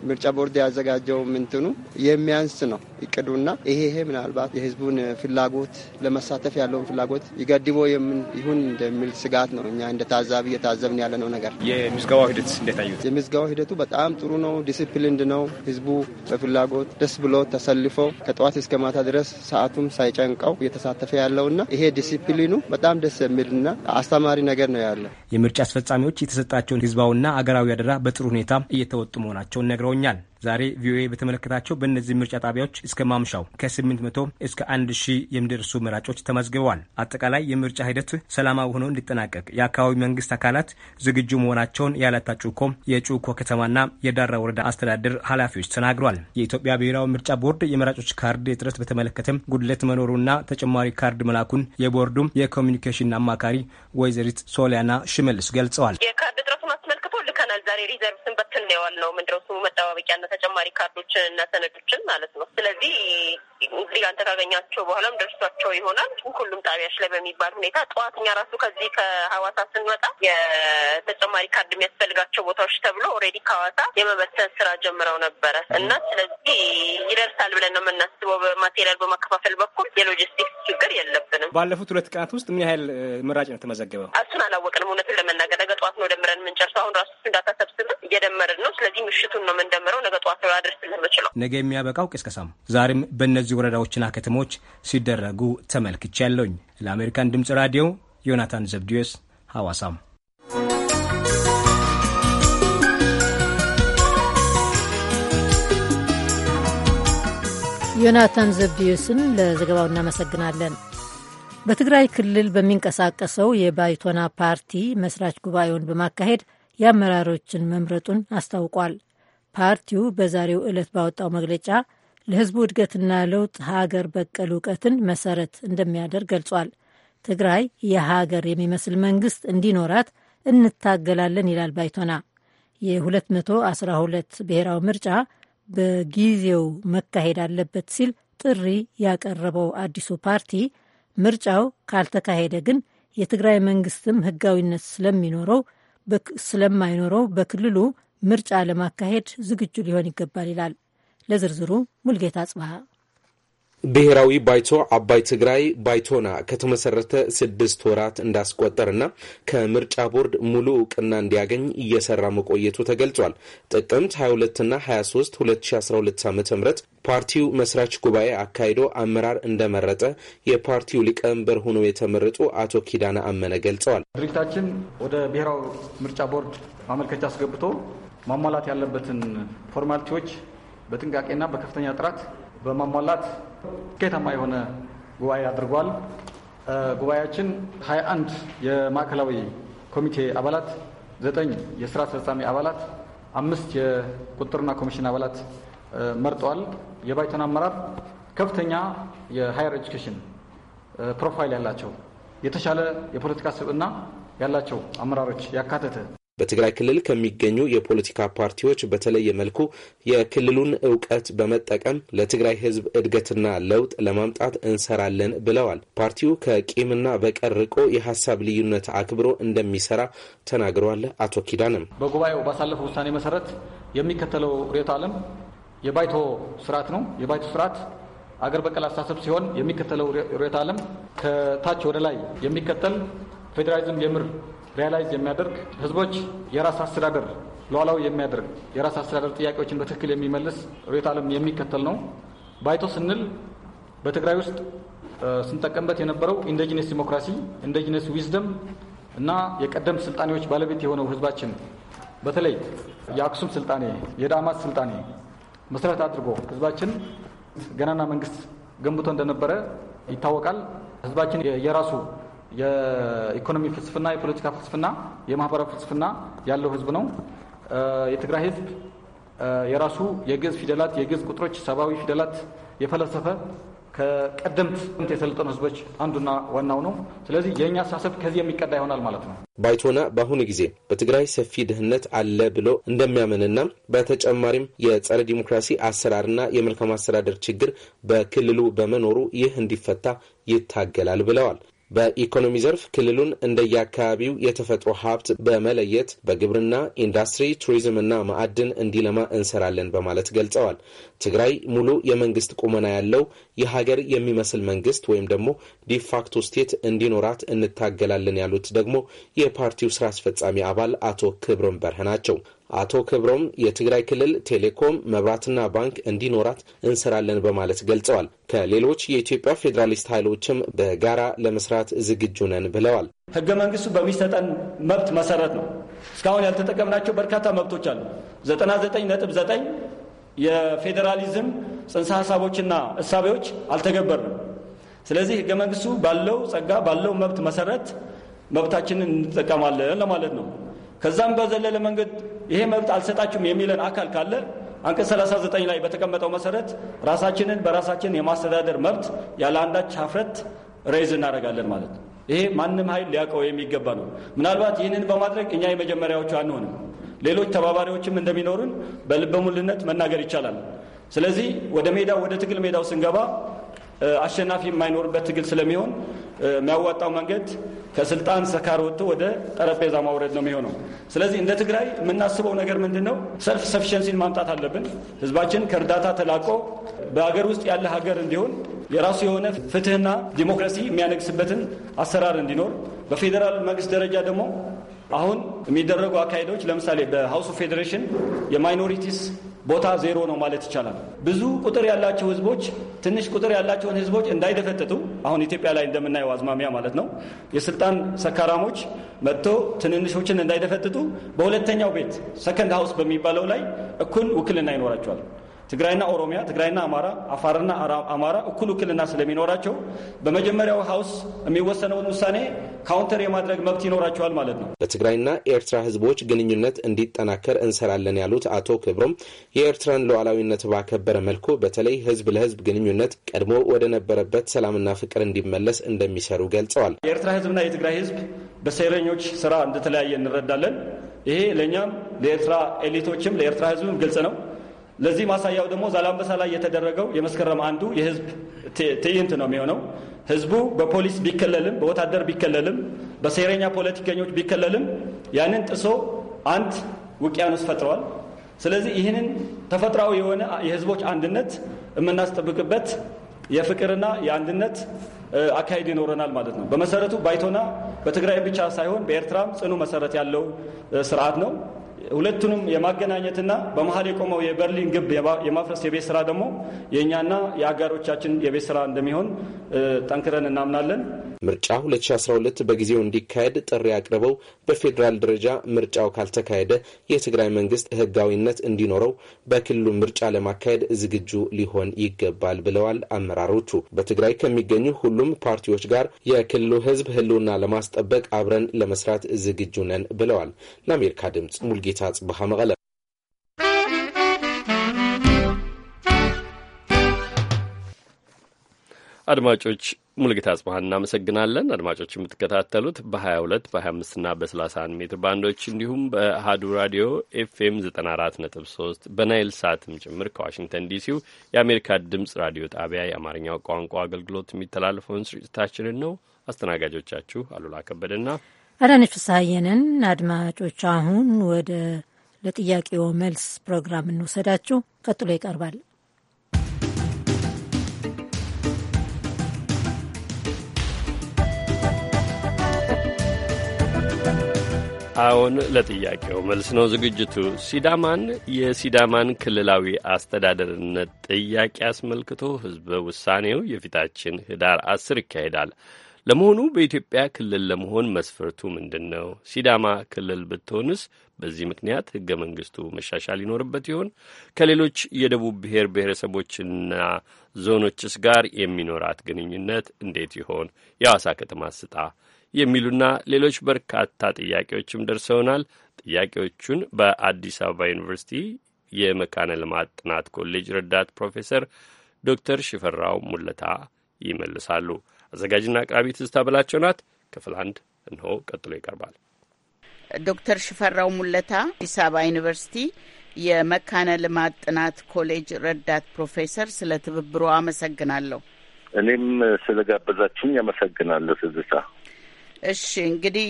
ምርጫ ቦርድ ያዘጋጀው ምንትኑ የሚያንስ ነው እቅዱና ይሄ ይሄ ምናልባት የህዝቡን ፍላጎት ለመሳተፍ ያለውን ፍላጎት ይገድቦ የምን ይሁን እንደሚል ስጋት ነው። እኛ እንደ ታዛቢ እየታዘብን ያለ ነው ነገር የምዝገባው ሂደት እንዴት አዩት? የምዝገባው ሂደቱ በጣም ጥሩ ነው፣ ዲስፕሊንድ ነው። ህዝቡ በፍላጎት ደስ ብሎ ተሰልፎ ከጠዋት እስከ ማታ ድረስ ሰዓቱም ሳይጨንቀው እየተሳተፈ ያለውና ይሄ ዲሲፕሊኑ በጣም ደስ የሚልና አስተማሪ ነገር ነው ያለው። የምርጫ አስፈጻሚዎች የተሰጣቸውን ህዝባዊና አገራዊ አደራ በጥሩ ሁኔታ እየተወጡ መሆናቸውን ነግረው ነግረውኛል። ዛሬ ቪኦኤ በተመለከታቸው በእነዚህ ምርጫ ጣቢያዎች እስከ ማምሻው ከ800 እስከ 1000 የሚደርሱ መራጮች ተመዝግበዋል። አጠቃላይ የምርጫ ሂደት ሰላማዊ ሆኖ እንዲጠናቀቅ የአካባቢ መንግስት አካላት ዝግጁ መሆናቸውን የአላታ ጩኮ የጩኮ ከተማና የዳራ ወረዳ አስተዳደር ኃላፊዎች ተናግሯል። የኢትዮጵያ ብሔራዊ ምርጫ ቦርድ የመራጮች ካርድ እጥረት በተመለከተም ጉድለት መኖሩና ተጨማሪ ካርድ መላኩን የቦርዱም የኮሚኒኬሽን አማካሪ ወይዘሪት ሶሊያና ሽመልስ ገልጸዋል። የካርድ እጥረቱን ልከናል። ዛሬ ሪዘርቭ ስንበትን ነው የዋልነው። ምንድነው ስሙ መጠባበቂያና ተጨማሪ ካርዶችን እና ሰነዶችን ማለት ነው። ስለዚህ እንግዲህ አንተ ካገኛቸው በኋላም ደርሷቸው ይሆናል። ሁሉም ጣቢያዎች ላይ በሚባል ሁኔታ ጠዋት እኛ ራሱ ከዚህ ከሀዋሳ ስንመጣ የተጨማሪ ካርድ የሚያስፈልጋቸው ቦታዎች ተብሎ ኦልሬዲ ከሀዋሳ የመበተን ስራ ጀምረው ነበረ እና ስለዚህ ይደርሳል ብለን ነው የምናስበው። በማቴሪያል በማከፋፈል በኩል የሎጂስቲክስ ችግር የለብንም። ባለፉት ሁለት ቀናት ውስጥ ምን ያህል መራጭ ነው ተመዘገበው? እሱን አላወቅንም። እውነቱን ለመናገር ነገ ጠዋት ነው ደምረን የምንጨርሰው። አሁን ራሱ እንዳታሰብስብን እየደመርን ነው። ስለዚህ ምሽቱን ነው የምንደምረው። ነገ ጠዋት ነው ላደርስልህ የምችለው። ነገ የሚያበቃው ቅስቀሳም ዛሬም በእነዚህ ወረዳዎችና ከተሞች ሲደረጉ ያለውኝ። ለአሜሪካን ድምጽ ራዲዮ ዮናታን ዘብዲዮስ ሐዋሳም ዮናታን ዘብዲዮስን ለዘገባው እናመሰግናለን። በትግራይ ክልል በሚንቀሳቀሰው የባይቶና ፓርቲ መስራች ጉባኤውን በማካሄድ የአመራሮችን መምረጡን አስታውቋል። ፓርቲው በዛሬው ዕለት ባወጣው መግለጫ ለህዝቡ እድገትና ለውጥ ሀገር በቀል እውቀትን መሰረት እንደሚያደርግ ገልጿል። ትግራይ የሀገር የሚመስል መንግስት እንዲኖራት እንታገላለን ይላል ባይቶና። የ212 ብሔራዊ ምርጫ በጊዜው መካሄድ አለበት ሲል ጥሪ ያቀረበው አዲሱ ፓርቲ ምርጫው ካልተካሄደ ግን የትግራይ መንግስትም ህጋዊነት ስለሚኖረው ስለማይኖረው በክልሉ ምርጫ ለማካሄድ ዝግጁ ሊሆን ይገባል ይላል። ለዝርዝሩ ሙልጌታ ጽብሃ ብሔራዊ ባይቶ አባይ ትግራይ ባይቶና ከተመሰረተ ስድስት ወራት እንዳስቆጠርና ከምርጫ ቦርድ ሙሉ እውቅና እንዲያገኝ እየሰራ መቆየቱ ተገልጿል። ጥቅምት 22ና 23 2012 ዓ ም ፓርቲው መስራች ጉባኤ አካሂዶ አመራር እንደመረጠ የፓርቲው ሊቀመንበር ሆነው የተመረጡ አቶ ኪዳነ አመነ ገልጸዋል። ድርጅታችን ወደ ብሔራዊ ምርጫ ቦርድ ማመልከቻ አስገብቶ ማሟላት ያለበትን ፎርማሊቲዎች በጥንቃቄና በከፍተኛ ጥራት በማሟላት ውጤታማ የሆነ ጉባኤ አድርጓል። ጉባኤያችን 21 የማዕከላዊ ኮሚቴ አባላት፣ ዘጠኝ የስራ አስፈጻሚ አባላት፣ አምስት የቁጥርና ኮሚሽን አባላት መርጠዋል። የባይቶን አመራር ከፍተኛ የሃየር ኤጁኬሽን ፕሮፋይል ያላቸው የተሻለ የፖለቲካ ስብዕና ያላቸው አመራሮች ያካተተ በትግራይ ክልል ከሚገኙ የፖለቲካ ፓርቲዎች በተለየ መልኩ የክልሉን እውቀት በመጠቀም ለትግራይ ህዝብ እድገትና ለውጥ ለማምጣት እንሰራለን ብለዋል። ፓርቲው ከቂምና በቀል ርቆ የሀሳብ ልዩነት አክብሮ እንደሚሰራ ተናግረዋል። አቶ ኪዳንም በጉባኤው ባሳለፈው ውሳኔ መሰረት የሚከተለው ርዕዮተ ዓለም የባይቶ ስርዓት ነው። የባይቶ ስርዓት አገር በቀል አስተሳሰብ ሲሆን የሚከተለው ርዕዮተ ዓለም ከታች ወደ ላይ የሚከተል ፌዴራሊዝም የምር ሪያላይዝ የሚያደርግ ህዝቦች የራስ አስተዳደር ሉዓላዊ የሚያደርግ የራስ አስተዳደር ጥያቄዎችን በትክክል የሚመልስ ርዕዮተ ዓለም የሚከተል ነው። ባይቶ ስንል በትግራይ ውስጥ ስንጠቀምበት የነበረው ኢንዲጂነስ ዲሞክራሲ፣ ኢንዲጂነስ ዊዝደም እና የቀደም ስልጣኔዎች ባለቤት የሆነው ህዝባችን በተለይ የአክሱም ስልጣኔ፣ የዳማት ስልጣኔ መሰረት አድርጎ ህዝባችን ገናና መንግስት ገንብቶ እንደነበረ ይታወቃል። ህዝባችን የራሱ የኢኮኖሚ ፍልስፍና፣ የፖለቲካ ፍልስፍና፣ የማህበራዊ ፍልስፍና ያለው ህዝብ ነው። የትግራይ ህዝብ የራሱ የግዕዝ ፊደላት፣ የግዕዝ ቁጥሮች፣ ሰብአዊ ፊደላት የፈለሰፈ ከቀደምት የሰለጠኑ ህዝቦች አንዱና ዋናው ነው። ስለዚህ የእኛ አስተሳሰብ ከዚህ የሚቀዳ ይሆናል ማለት ነው። ባይቶና በአሁኑ ጊዜ በትግራይ ሰፊ ድህነት አለ ብሎ እንደሚያምንና በተጨማሪም የጸረ ዲሞክራሲ አሰራርና የመልካም አስተዳደር ችግር በክልሉ በመኖሩ ይህ እንዲፈታ ይታገላል ብለዋል። በኢኮኖሚ ዘርፍ ክልሉን እንደየአካባቢው የተፈጥሮ ሀብት በመለየት በግብርና፣ ኢንዱስትሪ፣ ቱሪዝምና ማዕድን እንዲለማ እንሰራለን በማለት ገልጸዋል። ትግራይ ሙሉ የመንግስት ቁመና ያለው የሀገር የሚመስል መንግስት ወይም ደግሞ ዲፋክቶ ስቴት እንዲኖራት እንታገላለን ያሉት ደግሞ የፓርቲው ስራ አስፈጻሚ አባል አቶ ክብርን በርህ ናቸው። አቶ ክብሮም የትግራይ ክልል ቴሌኮም፣ መብራትና ባንክ እንዲኖራት እንሰራለን በማለት ገልጸዋል። ከሌሎች የኢትዮጵያ ፌዴራሊስት ኃይሎችም በጋራ ለመስራት ዝግጁ ነን ብለዋል። ህገ መንግስቱ በሚሰጠን መብት መሰረት ነው። እስካሁን ያልተጠቀምናቸው በርካታ መብቶች አሉ። ዘጠና ዘጠኝ ነጥብ ዘጠኝ የፌዴራሊዝም ጽንሰ ሀሳቦችና እሳቤዎች አልተገበርንም። ስለዚህ ህገ መንግስቱ ባለው ጸጋ ባለው መብት መሰረት መብታችንን እንጠቀማለን ለማለት ነው። ከዛም በዘለለ መንገድ ይሄ መብት አልሰጣችሁም የሚለን አካል ካለ አንቀጽ 39 ላይ በተቀመጠው መሰረት ራሳችንን በራሳችን የማስተዳደር መብት ያለ አንዳች ሀፍረት ሬይዝ እናደርጋለን ማለት ነው። ይሄ ማንም ኃይል ሊያውቀው የሚገባ ነው። ምናልባት ይህንን በማድረግ እኛ የመጀመሪያዎቹ አንሆንም። ሌሎች ተባባሪዎችም እንደሚኖሩን በልበ ሙልነት መናገር ይቻላል። ስለዚህ ወደ ሜዳው ወደ ትግል ሜዳው ስንገባ አሸናፊ የማይኖርበት ትግል ስለሚሆን የሚያዋጣው መንገድ ከስልጣን ሰካር ወጥቶ ወደ ጠረጴዛ ማውረድ ነው የሚሆነው። ስለዚህ እንደ ትግራይ የምናስበው ነገር ምንድን ነው? ሰልፍ ሰፊሸንሲን ማምጣት አለብን። ህዝባችን ከእርዳታ ተላቆ በሀገር ውስጥ ያለ ሀገር እንዲሆን የራሱ የሆነ ፍትህና ዲሞክራሲ የሚያነግስበትን አሰራር እንዲኖር በፌዴራል መንግስት ደረጃ ደግሞ አሁን የሚደረጉ አካሄዶች ለምሳሌ በሀውስ ኦፍ ፌዴሬሽን የማይኖሪቲስ ቦታ ዜሮ ነው ማለት ይቻላል። ብዙ ቁጥር ያላቸው ህዝቦች ትንሽ ቁጥር ያላቸውን ህዝቦች እንዳይደፈጥጡ አሁን ኢትዮጵያ ላይ እንደምናየው አዝማሚያ ማለት ነው። የስልጣን ሰካራሞች መጥቶ ትንንሾችን እንዳይደፈጥጡ በሁለተኛው ቤት ሰከንድ ሀውስ በሚባለው ላይ እኩል ውክልና ይኖራቸዋል። ትግራይና ኦሮሚያ፣ ትግራይና አማራ፣ አፋርና አማራ እኩል ውክልና ስለሚኖራቸው በመጀመሪያው ሀውስ የሚወሰነውን ውሳኔ ካውንተር የማድረግ መብት ይኖራቸዋል ማለት ነው። በትግራይና ኤርትራ ህዝቦች ግንኙነት እንዲጠናከር እንሰራለን ያሉት አቶ ክብሮም የኤርትራን ሉዓላዊነት ባከበረ መልኩ በተለይ ህዝብ ለህዝብ ግንኙነት ቀድሞ ወደ ነበረበት ሰላምና ፍቅር እንዲመለስ እንደሚሰሩ ገልጸዋል። የኤርትራ ህዝብና የትግራይ ህዝብ በሴረኞች ስራ እንደተለያየ እንረዳለን። ይሄ ለእኛም ለኤርትራ ኤሊቶችም ለኤርትራ ህዝብም ግልጽ ነው። ለዚህ ማሳያው ደግሞ ዛላምበሳ ላይ የተደረገው የመስከረም አንዱ የህዝብ ትዕይንት ነው የሚሆነው። ህዝቡ በፖሊስ ቢከለልም፣ በወታደር ቢከለልም፣ በሴረኛ ፖለቲከኞች ቢከለልም ያንን ጥሶ አንድ ውቅያኖስ ፈጥረዋል። ስለዚህ ይህንን ተፈጥሯዊ የሆነ የህዝቦች አንድነት የምናስጠብቅበት የፍቅርና የአንድነት አካሄድ ይኖረናል ማለት ነው። በመሰረቱ ባይቶና በትግራይም ብቻ ሳይሆን በኤርትራም ጽኑ መሰረት ያለው ስርዓት ነው። ሁለቱንም የማገናኘትና በመሀል የቆመው የበርሊን ግብ የማፍረስ የቤት ስራ ደግሞ የእኛና የአጋሮቻችን የቤት ስራ እንደሚሆን ጠንክረን እናምናለን። ምርጫ 2012 በጊዜው እንዲካሄድ ጥሪ አቅርበው በፌዴራል ደረጃ ምርጫው ካልተካሄደ የትግራይ መንግስት ህጋዊነት እንዲኖረው በክልሉ ምርጫ ለማካሄድ ዝግጁ ሊሆን ይገባል ብለዋል አመራሮቹ። በትግራይ ከሚገኙ ሁሉም ፓርቲዎች ጋር የክልሉ ህዝብ ህልውና ለማስጠበቅ አብረን ለመስራት ዝግጁ ነን ብለዋል። ለአሜሪካ ድምጽ ሙልጌ ጌታ ጽብሃ መቐለ አድማጮች ሙልጌታ ጽባህን እናመሰግናለን። አድማጮች የምትከታተሉት በ22 በ25 እና በ31 ሜትር ባንዶች እንዲሁም በአሃዱ ራዲዮ ኤፍኤም 94.3 በናይል ሳትም ጭምር ከዋሽንግተን ዲሲው የአሜሪካ ድምፅ ራዲዮ ጣቢያ የአማርኛው ቋንቋ አገልግሎት የሚተላለፈውን ስርጭታችንን ነው። አስተናጋጆቻችሁ አሉላ ከበደና አዳነች ፍስሐየንን። አድማጮች አሁን ወደ ለጥያቄው መልስ ፕሮግራም እንውሰዳችሁ። ቀጥሎ ይቀርባል። አሁን ለጥያቄው መልስ ነው ዝግጅቱ። ሲዳማን የሲዳማን ክልላዊ አስተዳደርነት ጥያቄ አስመልክቶ ህዝበ ውሳኔው የፊታችን ህዳር አስር ይካሄዳል። ለመሆኑ በኢትዮጵያ ክልል ለመሆን መስፈርቱ ምንድን ነው? ሲዳማ ክልል ብትሆንስ በዚህ ምክንያት ህገ መንግስቱ መሻሻል ይኖርበት ይሆን? ከሌሎች የደቡብ ብሔር ብሔረሰቦችና ዞኖችስ ጋር የሚኖራት ግንኙነት እንዴት ይሆን? የሐዋሳ ከተማ ስጣ የሚሉና ሌሎች በርካታ ጥያቄዎችም ደርሰውናል። ጥያቄዎቹን በአዲስ አበባ ዩኒቨርሲቲ የመካነ ልማት ጥናት ኮሌጅ ረዳት ፕሮፌሰር ዶክተር ሽፈራው ሙለታ ይመልሳሉ። አዘጋጅና አቅራቢ ትዝታ በላቸው ናት። ክፍል አንድ እንሆ ቀጥሎ ይቀርባል። ዶክተር ሽፈራው ሙለታ አዲስ አበባ ዩኒቨርሲቲ የመካነ ልማት ጥናት ኮሌጅ ረዳት ፕሮፌሰር፣ ስለ ትብብሮ አመሰግናለሁ። እኔም ስለ ጋበዛችሁኝ ያመሰግናለሁ ትዝታ። እሺ እንግዲህ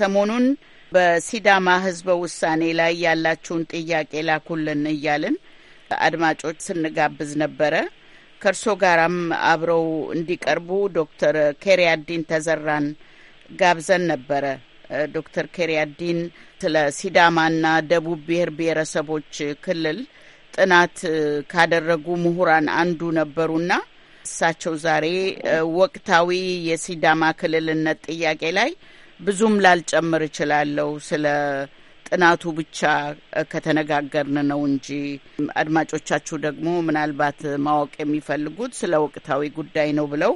ሰሞኑን በሲዳማ ህዝበ ውሳኔ ላይ ያላችሁን ጥያቄ ላኩልን እያልን አድማጮች ስንጋብዝ ነበረ። ከእርሶ ጋራም አብረው እንዲቀርቡ ዶክተር ኬሪያዲን ተዘራን ጋብዘን ነበረ። ዶክተር ኬሪያዲን ስለ ሲዳማና ደቡብ ብሔር ብሔረሰቦች ክልል ጥናት ካደረጉ ምሁራን አንዱ ነበሩና እሳቸው ዛሬ ወቅታዊ የሲዳማ ክልልነት ጥያቄ ላይ ብዙም ላልጨምር እችላለሁ ስለ ጥናቱ ብቻ ከተነጋገርን ነው እንጂ አድማጮቻችሁ ደግሞ ምናልባት ማወቅ የሚፈልጉት ስለ ወቅታዊ ጉዳይ ነው ብለው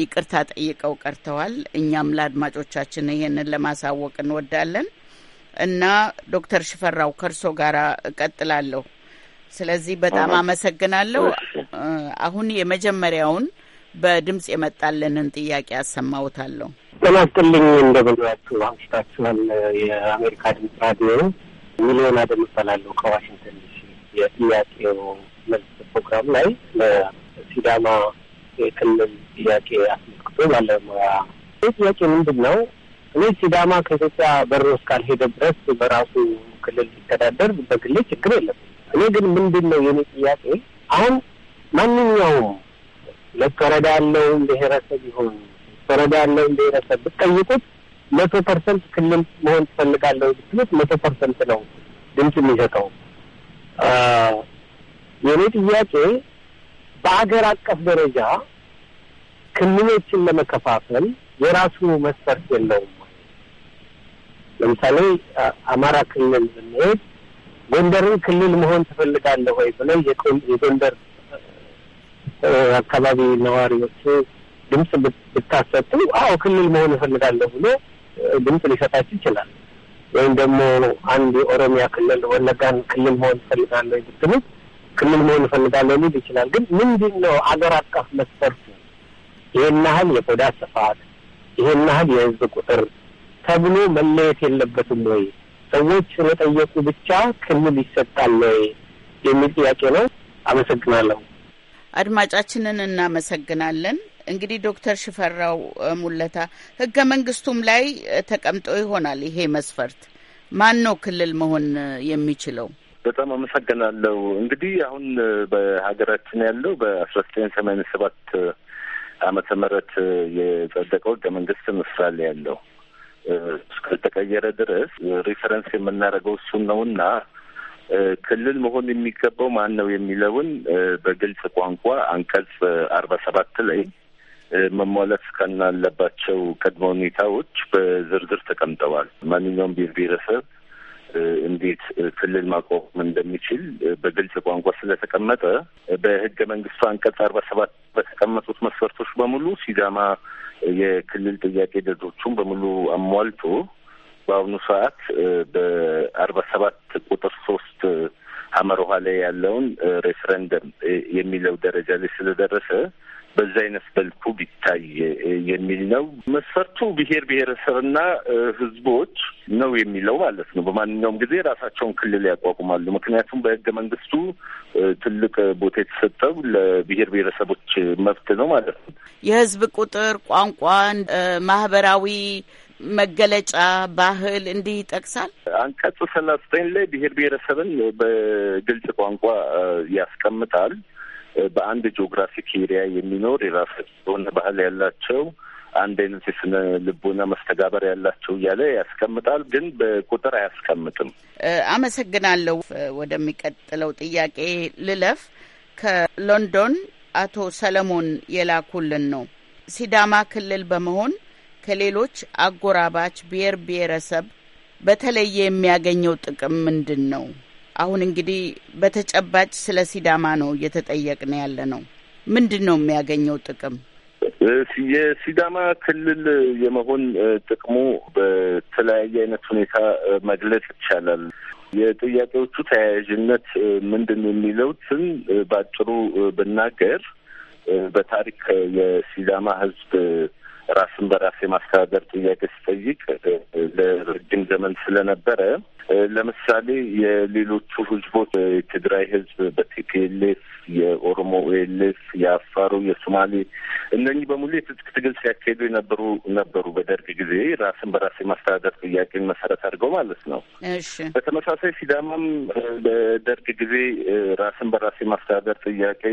ይቅርታ ጠይቀው ቀርተዋል። እኛም ለአድማጮቻችን ይሄንን ለማሳወቅ እንወዳለን እና ዶክተር ሽፈራው ከእርሶ ጋር እቀጥላለሁ። ስለዚህ በጣም አመሰግናለሁ። አሁን የመጀመሪያውን በድምጽ የመጣልንን ጥያቄ አሰማውታለሁ። ጥናትልኝ ይስጥልኝ። እንደምንላችሁ አምሽታችኋል። የአሜሪካ ድምጽ ራዲዮ ሚሊዮን አደም እባላለሁ ከዋሽንግተን ዲሲ። የጥያቄው መልስ ፕሮግራም ላይ ለሲዳማ የክልል ጥያቄ አስመልክቶ ባለሙያ ይህ ጥያቄ ምንድን ነው? እኔ ሲዳማ ከኢትዮጵያ በሮ እስካልሄደ ድረስ በራሱ ክልል ሊተዳደር በግሌ ችግር የለም። እኔ ግን ምንድን ነው የኔ ጥያቄ አሁን ማንኛውም ለፈረዳለውን ብሔረሰብ ይሆን ፈረዳለውን ብሔረሰብ ብትጠይቁት መቶ ፐርሰንት ክልል መሆን ትፈልጋለሁ ብትሉት መቶ ፐርሰንት ነው ድምፅ የሚሰጠው። የእኔ ጥያቄ በአገር አቀፍ ደረጃ ክልሎችን ለመከፋፈል የራሱ መስፈርት የለውም። ለምሳሌ አማራ ክልል ብንሄድ ጎንደርን ክልል መሆን ትፈልጋለህ ወይ ብለህ የጎንደር አካባቢ ነዋሪዎች ድምፅ ብታሰጡ አዎ ክልል መሆን እፈልጋለሁ ብሎ ድምፅ ሊሰጣች ይችላል። ወይም ደግሞ አንድ የኦሮሚያ ክልል ወለጋን ክልል መሆን እፈልጋለሁ ብትሉ ክልል መሆን እፈልጋለሁ ሊል ይችላል። ግን ምንድን ነው አገር አቀፍ መስፈርቱ? ይሄን ያህል የቆዳ ስፋት፣ ይሄን ያህል የህዝብ ቁጥር ተብሎ መለየት የለበትም ወይ? ሰዎች ስለጠየቁ ብቻ ክልል ይሰጣል ወይ የሚል ጥያቄ ነው። አመሰግናለሁ። አድማጫችንን እናመሰግናለን። እንግዲህ ዶክተር ሽፈራው ሙለታ ህገ መንግስቱም ላይ ተቀምጦ ይሆናል ይሄ መስፈርት ማን ነው ክልል መሆን የሚችለው? በጣም አመሰግናለሁ። እንግዲህ አሁን በሀገራችን ያለው በአስራ ዘጠኝ ሰማንያ ሰባት አመተ ምህረት የጸደቀው ህገ መንግስት ምስራል ያለው እስካልተቀየረ ድረስ ሪፈረንስ የምናደርገው እሱን ነውና ክልል መሆን የሚገባው ማን ነው የሚለውን በግልጽ ቋንቋ አንቀጽ አርባ ሰባት ላይ መሟላት እስካናለባቸው ቅድመ ሁኔታዎች በዝርዝር ተቀምጠዋል። ማንኛውም ብሔር ብሔረሰብ እንዴት ክልል ማቋቋም እንደሚችል በግልጽ ቋንቋ ስለተቀመጠ በህገ መንግስቱ አንቀጽ አርባ ሰባት በተቀመጡት መስፈርቶች በሙሉ ሲዳማ የክልል ጥያቄ ደዶቹን በሙሉ አሟልቶ በአሁኑ ሰዓት በአርባ ሰባት ቁጥር ሶስት አመር ውሃ ላይ ያለውን ሬፍረንደም የሚለው ደረጃ ላይ ስለደረሰ በዛ አይነት መልኩ ቢታይ የሚል ነው። መስፈርቱ ብሔር ብሔረሰብና ህዝቦች ነው የሚለው ማለት ነው። በማንኛውም ጊዜ ራሳቸውን ክልል ያቋቁማሉ። ምክንያቱም በህገ መንግስቱ ትልቅ ቦታ የተሰጠው ለብሔር ብሔረሰቦች መብት ነው ማለት ነው። የህዝብ ቁጥር፣ ቋንቋን፣ ማህበራዊ መገለጫ ባህል እንዲህ ይጠቅሳል። አንቀጽ ሰላሳ ዘጠኝ ላይ ብሔር ብሔረሰብን በግልጽ ቋንቋ ያስቀምጣል። በአንድ ጂኦግራፊክ ኤሪያ የሚኖር የራስ የሆነ ባህል ያላቸው አንድ አይነት የስነ ልቦና መስተጋበር ያላቸው እያለ ያስቀምጣል፣ ግን በቁጥር አያስቀምጥም። አመሰግናለሁ። ወደሚቀጥለው ጥያቄ ልለፍ። ከሎንዶን አቶ ሰለሞን የላኩልን ነው። ሲዳማ ክልል በመሆን ከሌሎች አጎራባች ብሔር ብሔረሰብ በተለየ የሚያገኘው ጥቅም ምንድን ነው? አሁን እንግዲህ በተጨባጭ ስለ ሲዳማ ነው እየተጠየቅን ያለ ነው። ምንድን ነው የሚያገኘው ጥቅም? የሲዳማ ክልል የመሆን ጥቅሙ በተለያየ አይነት ሁኔታ መግለጽ ይቻላል። የጥያቄዎቹ ተያያዥነት ምንድን ነው የሚለውትን በአጭሩ ብናገር በታሪክ የሲዳማ ሕዝብ ራስን በራስ የማስተዳደር ጥያቄ ሲጠይቅ ለረጅም ዘመን ስለነበረ ለምሳሌ የሌሎቹ ህዝቦች የትግራይ ህዝብ በቲፒኤልኤፍ፣ የኦሮሞ ኤልኤፍ፣ የአፋሩ፣ የሶማሌ እነኚህ በሙሉ የትጥቅ ትግል ሲያካሄዱ የነበሩ ነበሩ። በደርግ ጊዜ ራስን በራስ የማስተዳደር ጥያቄን መሰረት አድርገው ማለት ነው። በተመሳሳይ ሲዳማም በደርግ ጊዜ ራስን በራስ የማስተዳደር ጥያቄ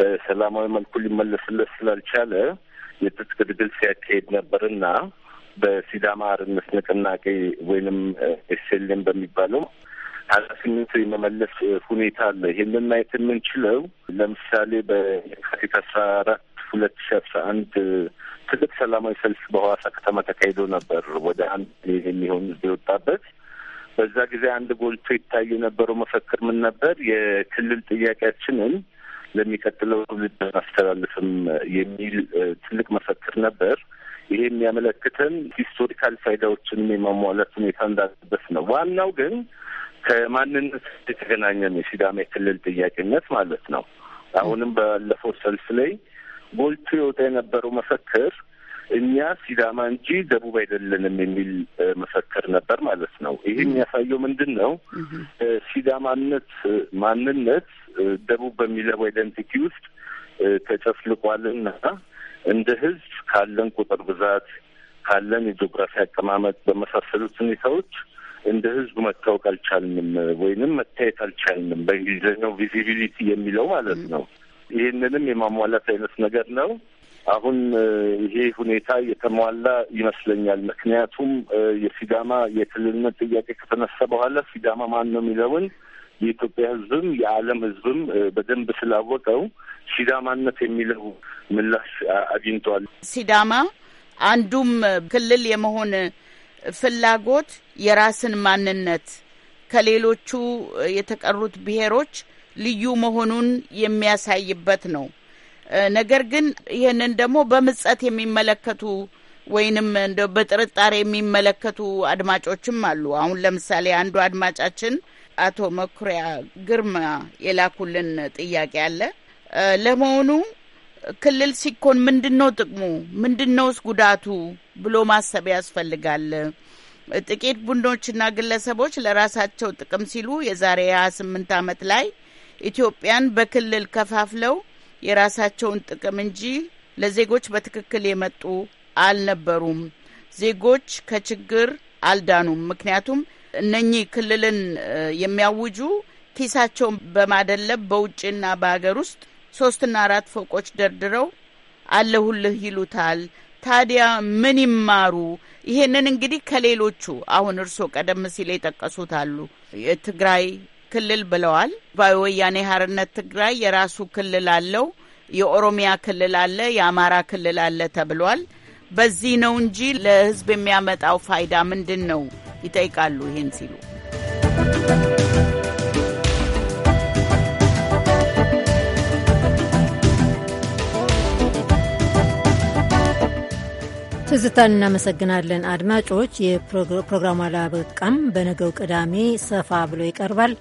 በሰላማዊ መልኩ ሊመለስለት ስላልቻለ የትጥቅ ትግል ሲያካሄድ ነበርና በሲዳማ አርነት ንቅናቄ ወይንም ኤስኤልኤም በሚባለው ኃላፊነት የመመለስ ሁኔታ አለ። ይህንን ማየት የምንችለው ለምሳሌ በየካቲት አስራ አራት ሁለት ሺ አስራ አንድ ትልቅ ሰላማዊ ሰልፍ በሐዋሳ ከተማ ተካሂዶ ነበር። ወደ አንድ የሚሆን የወጣበት በዛ ጊዜ አንድ ጎልቶ ይታይ የነበረው መፈክር ምን ነበር? የክልል ጥያቄያችንን ለሚቀጥለው ትውልድ ማስተላለፍም የሚል ትልቅ መፈክር ነበር። ይሄ የሚያመለክተን ሂስቶሪካል ፋይዳዎችንም የማሟላት ሁኔታ እንዳለበት ነው። ዋናው ግን ከማንነት የተገናኘ ነው። የሲዳማ የክልል ጥያቄነት ማለት ነው። አሁንም ባለፈው ሰልፍ ላይ ጎልቶ የወጣ የነበረው መፈክር እኛ ሲዳማ እንጂ ደቡብ አይደለንም የሚል መፈክር ነበር ማለት ነው። ይህ የሚያሳየው ምንድን ነው? ሲዳማነት ማንነት ደቡብ በሚለው አይደንቲቲ ውስጥ ተጨፍልቋልና እንደ ህዝብ ካለን ቁጥር ብዛት ካለን የጂኦግራፊ አቀማመጥ በመሳሰሉት ሁኔታዎች እንደ ህዝብ መታወቅ አልቻልንም፣ ወይንም መታየት አልቻልንም። በእንግሊዝኛው ቪዚቢሊቲ የሚለው ማለት ነው። ይህንንም የማሟላት አይነት ነገር ነው። አሁን ይሄ ሁኔታ የተሟላ ይመስለኛል። ምክንያቱም የሲዳማ የክልልነት ጥያቄ ከተነሳ በኋላ ሲዳማ ማን ነው የሚለውን የኢትዮጵያ ሕዝብም የዓለም ሕዝብም በደንብ ስላወቀው ሲዳማነት የሚለው ምላሽ አግኝቷል። ሲዳማ አንዱም ክልል የመሆን ፍላጎት የራስን ማንነት ከሌሎቹ የተቀሩት ብሔሮች ልዩ መሆኑን የሚያሳይበት ነው። ነገር ግን ይህንን ደግሞ በምጸት የሚመለከቱ ወይንም እንደ በጥርጣሬ የሚመለከቱ አድማጮችም አሉ። አሁን ለምሳሌ አንዱ አድማጫችን አቶ መኩሪያ ግርማ የላኩልን ጥያቄ አለ። ለመሆኑ ክልል ሲኮን ምንድን ነው ጥቅሙ? ምንድን ነውስ ጉዳቱ ብሎ ማሰብ ያስፈልጋል። ጥቂት ቡድኖችና ግለሰቦች ለራሳቸው ጥቅም ሲሉ የዛሬ 2ስምንት ዓመት ላይ ኢትዮጵያን በክልል ከፋፍለው የራሳቸውን ጥቅም እንጂ ለዜጎች በትክክል የመጡ አልነበሩም። ዜጎች ከችግር አልዳኑም። ምክንያቱም እነኚህ ክልልን የሚያውጁ ኪሳቸውን በማደለብ በውጭና በሀገር ውስጥ ሶስትና አራት ፎቆች ደርድረው አለሁልህ ይሉታል። ታዲያ ምን ይማሩ? ይሄንን እንግዲህ ከሌሎቹ አሁን እርስዎ ቀደም ሲል የጠቀሱት አሉ። የትግራይ ክልል ብለዋል። በወያኔ ሀርነት ትግራይ የራሱ ክልል አለው፣ የኦሮሚያ ክልል አለ፣ የአማራ ክልል አለ ተብሏል። በዚህ ነው እንጂ ለህዝብ የሚያመጣው ፋይዳ ምንድን ነው ይጠይቃሉ። ይህን ሲሉ ትዝታን እናመሰግናለን። አድማጮች፣ የፕሮግራሙ አላበቃም። በነገው ቅዳሜ ሰፋ ብሎ ይቀርባል።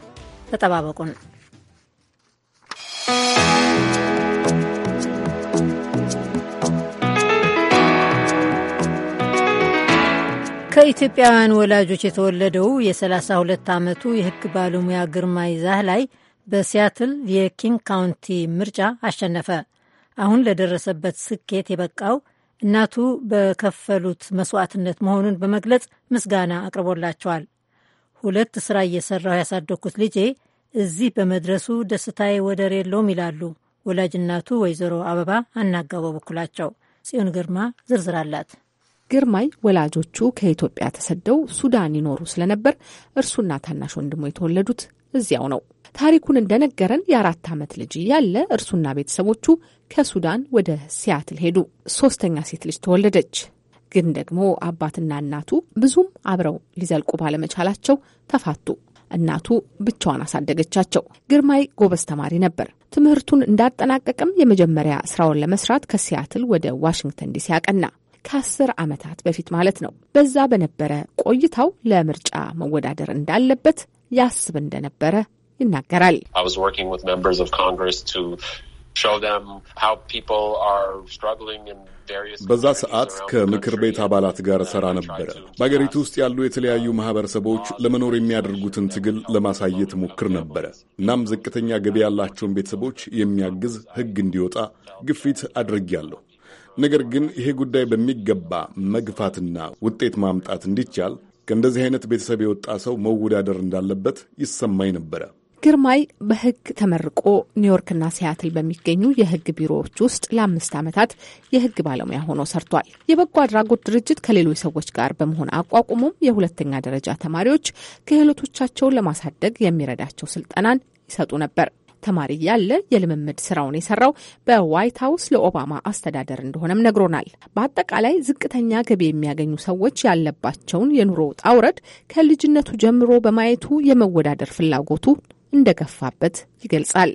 ተጠባበቁን። ከኢትዮጵያውያን ወላጆች የተወለደው የ32 ዓመቱ የሕግ ባለሙያ ግርማይ ላይ በሲያትል የኪንግ ካውንቲ ምርጫ አሸነፈ። አሁን ለደረሰበት ስኬት የበቃው እናቱ በከፈሉት መስዋዕትነት መሆኑን በመግለጽ ምስጋና አቅርቦላቸዋል። ሁለት ስራ እየሰራሁ ያሳደግኩት ልጄ እዚህ በመድረሱ ደስታዬ ወደር የለውም ይላሉ ወላጅናቱ ወይዘሮ አበባ አናጋ በበኩላቸው። ጽዮን ግርማ ዝርዝር አላት። ግርማይ ወላጆቹ ከኢትዮጵያ ተሰደው ሱዳን ይኖሩ ስለነበር እርሱና ታናሽ ወንድሞ የተወለዱት እዚያው ነው። ታሪኩን እንደነገረን የአራት ዓመት ልጅ እያለ እርሱና ቤተሰቦቹ ከሱዳን ወደ ሲያትል ሄዱ። ሶስተኛ ሴት ልጅ ተወለደች። ግን ደግሞ አባትና እናቱ ብዙም አብረው ሊዘልቁ ባለመቻላቸው ተፋቱ። እናቱ ብቻዋን አሳደገቻቸው። ግርማይ ጎበዝ ተማሪ ነበር። ትምህርቱን እንዳጠናቀቅም የመጀመሪያ ስራውን ለመስራት ከሲያትል ወደ ዋሽንግተን ዲሲ አቀና። ከአስር ዓመታት በፊት ማለት ነው። በዛ በነበረ ቆይታው ለምርጫ መወዳደር እንዳለበት ያስብ እንደነበረ ይናገራል። በዛ ሰዓት ከምክር ቤት አባላት ጋር ሰራ ነበረ። በአገሪቱ ውስጥ ያሉ የተለያዩ ማህበረሰቦች ለመኖር የሚያደርጉትን ትግል ለማሳየት ሞክር ነበረ። እናም ዝቅተኛ ገቢ ያላቸውን ቤተሰቦች የሚያግዝ ሕግ እንዲወጣ ግፊት አድርጌያለሁ። ነገር ግን ይሄ ጉዳይ በሚገባ መግፋትና ውጤት ማምጣት እንዲቻል ከእንደዚህ አይነት ቤተሰብ የወጣ ሰው መወዳደር እንዳለበት ይሰማኝ ነበረ። ግርማይ በሕግ ተመርቆ ኒውዮርክና ሲያትል በሚገኙ የሕግ ቢሮዎች ውስጥ ለአምስት ዓመታት የህግ ባለሙያ ሆኖ ሰርቷል። የበጎ አድራጎት ድርጅት ከሌሎች ሰዎች ጋር በመሆን አቋቁሞም የሁለተኛ ደረጃ ተማሪዎች ክህሎቶቻቸውን ለማሳደግ የሚረዳቸው ስልጠናን ይሰጡ ነበር። ተማሪ ያለ የልምምድ ስራውን የሰራው በዋይት ሀውስ ለኦባማ አስተዳደር እንደሆነም ነግሮናል። በአጠቃላይ ዝቅተኛ ገቢ የሚያገኙ ሰዎች ያለባቸውን የኑሮ ውጣ ውረድ ከልጅነቱ ጀምሮ በማየቱ የመወዳደር ፍላጎቱ እንደገፋበት ይገልጻል።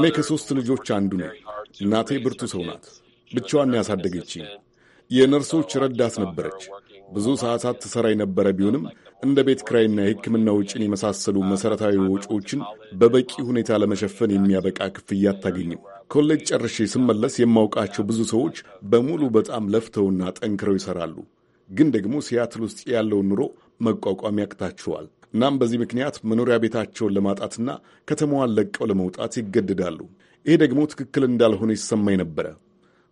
እኔ ከሶስት ልጆች አንዱ ነኝ። እናቴ ብርቱ ሰው ናት። ብቻዋን ያሳደገችኝ የነርሶች ረዳት ነበረች። ብዙ ሰዓታት ትሠራ የነበረ ቢሆንም እንደ ቤት ክራይና የሕክምና ውጭን የመሳሰሉ መሠረታዊ ወጪዎችን በበቂ ሁኔታ ለመሸፈን የሚያበቃ ክፍያ አታገኝም። ኮሌጅ ጨርሼ ስመለስ የማውቃቸው ብዙ ሰዎች በሙሉ በጣም ለፍተውና ጠንክረው ይሠራሉ። ግን ደግሞ ሲያትል ውስጥ ያለውን ኑሮ መቋቋም ያቅታቸዋል። እናም በዚህ ምክንያት መኖሪያ ቤታቸውን ለማጣትና ከተማዋን ለቀው ለመውጣት ይገደዳሉ። ይሄ ደግሞ ትክክል እንዳልሆነ ይሰማኝ ነበረ።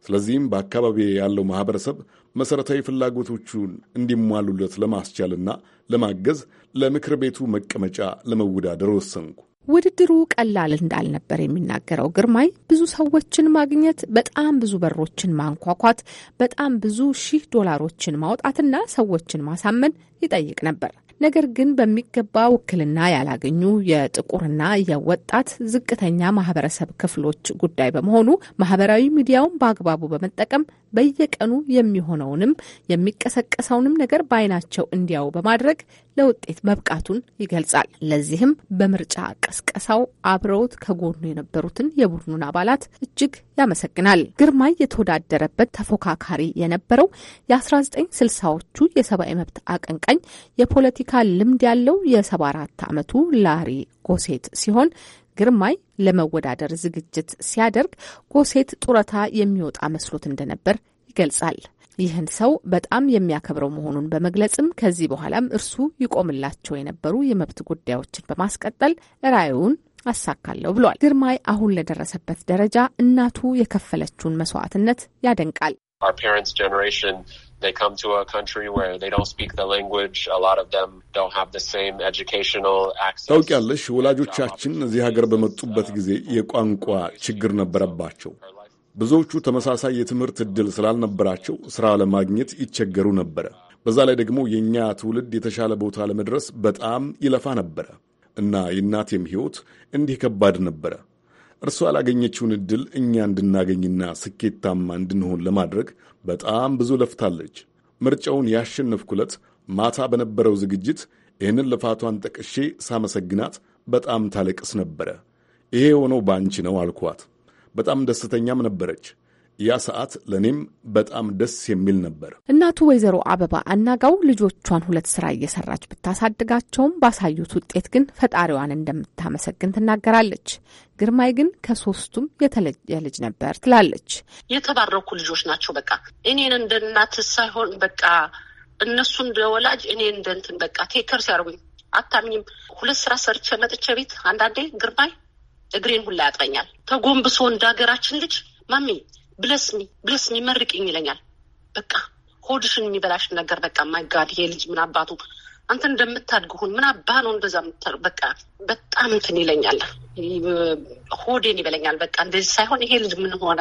ስለዚህም በአካባቢ ያለው ማህበረሰብ መሠረታዊ ፍላጎቶቹን እንዲሟሉለት ለማስቻልና ለማገዝ ለምክር ቤቱ መቀመጫ ለመወዳደር ወሰንኩ። ውድድሩ ቀላል እንዳልነበር የሚናገረው ግርማይ ብዙ ሰዎችን ማግኘት፣ በጣም ብዙ በሮችን ማንኳኳት፣ በጣም ብዙ ሺህ ዶላሮችን ማውጣትና ሰዎችን ማሳመን ይጠይቅ ነበር። ነገር ግን በሚገባ ውክልና ያላገኙ የጥቁርና የወጣት ዝቅተኛ ማህበረሰብ ክፍሎች ጉዳይ በመሆኑ ማህበራዊ ሚዲያውን በአግባቡ በመጠቀም በየቀኑ የሚሆነውንም የሚቀሰቀሰውንም ነገር በአይናቸው እንዲያው በማድረግ ለውጤት መብቃቱን ይገልጻል። ለዚህም በምርጫ ቀስቀሳው አብረውት ከጎኑ የነበሩትን የቡድኑን አባላት እጅግ ያመሰግናል። ግርማይ የተወዳደረበት ተፎካካሪ የነበረው የ1960ዎቹ የሰብአዊ መብት አቀንቃኝ የፖለቲካ ልምድ ያለው የ74 ዓመቱ ላሪ ጎሴት ሲሆን ግርማይ ለመወዳደር ዝግጅት ሲያደርግ ጎሴት ጡረታ የሚወጣ መስሎት እንደነበር ይገልጻል። ይህን ሰው በጣም የሚያከብረው መሆኑን በመግለጽም ከዚህ በኋላም እርሱ ይቆምላቸው የነበሩ የመብት ጉዳዮችን በማስቀጠል ራዩን አሳካለሁ ብሏል። ግርማይ አሁን ለደረሰበት ደረጃ እናቱ የከፈለችውን መስዋዕትነት ያደንቃል። They come ታውቂያለሽ፣ ወላጆቻችን እዚህ ሀገር በመጡበት ጊዜ የቋንቋ ችግር ነበረባቸው። ብዙዎቹ ተመሳሳይ የትምህርት ዕድል ስላልነበራቸው ሥራ ለማግኘት ይቸገሩ ነበረ። በዛ ላይ ደግሞ የእኛ ትውልድ የተሻለ ቦታ ለመድረስ በጣም ይለፋ ነበረ እና የእናቴም ሕይወት እንዲህ ከባድ ነበረ። እርሷ ያላገኘችውን ዕድል እኛ እንድናገኝና ስኬታማ እንድንሆን ለማድረግ በጣም ብዙ ለፍታለች። ምርጫውን ያሸነፍኩለት ማታ በነበረው ዝግጅት ይህንን ልፋቷን ጠቅሼ ሳመሰግናት በጣም ታለቅስ ነበረ። ይሄ የሆነው በአንቺ ነው አልኳት። በጣም ደስተኛም ነበረች። ያ ሰዓት ለእኔም በጣም ደስ የሚል ነበር። እናቱ ወይዘሮ አበባ አናጋው ልጆቿን ሁለት ስራ እየሰራች ብታሳድጋቸውም ባሳዩት ውጤት ግን ፈጣሪዋን እንደምታመሰግን ትናገራለች። ግርማይ ግን ከሶስቱም የተለየ ልጅ ነበር ትላለች። የተባረኩ ልጆች ናቸው። በቃ እኔን እንደ እናት ሳይሆን በቃ እነሱ እንደ ወላጅ እኔ እንደ እንትን በቃ ቴከር ሲያርጉኝ አታምኝም። ሁለት ስራ ሰርቼ መጥቼ ቤት አንዳንዴ ግርማይ እግሬን ሁላ ያጥረኛል። ተጎንብሶ እንደ ሀገራችን ልጅ ማሚ ብለስሚ ብለስሚ መርቅኝ ይለኛል። በቃ ሆድሽን የሚበላሽ ነገር በቃ ማይጋድ ይሄ ልጅ ምን አባቱ አንተ እንደምታድግሁን ምን አባ ነው እንደዛ ምታር በቃ በጣም እንትን ይለኛል። ሆዴን ይበለኛል። በቃ እንደዚህ ሳይሆን ይሄ ልጅ ምን ሆነ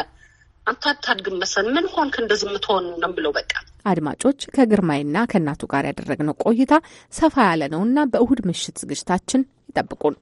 አንተ አታድግም መሰል ምን ሆንክ እንደዚህ የምትሆን ነው ብለው በቃ አድማጮች ከግርማይና ከእናቱ ጋር ያደረግነው ቆይታ ሰፋ ያለ ነውና በእሁድ ምሽት ዝግጅታችን ይጠብቁን።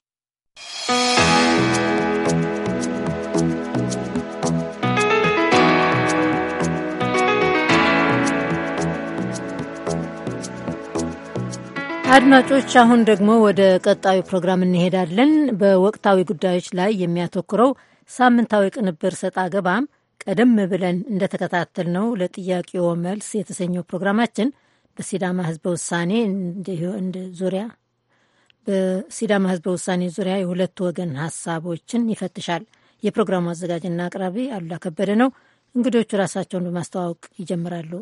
አድማጮች አሁን ደግሞ ወደ ቀጣዩ ፕሮግራም እንሄዳለን። በወቅታዊ ጉዳዮች ላይ የሚያተኩረው ሳምንታዊ ቅንብር ሰጥ አገባም ቀደም ብለን እንደተከታተል ነው ለጥያቄው መልስ የተሰኘው ፕሮግራማችን በሲዳማ ሕዝበ ውሳኔ ዙሪያ በሲዳማ ህዝበ ውሳኔ ዙሪያ የሁለት ወገን ሀሳቦችን ይፈትሻል። የፕሮግራሙ አዘጋጅና አቅራቢ አሉላ ከበደ ነው። እንግዶቹ ራሳቸውን በማስተዋወቅ ይጀምራሉ።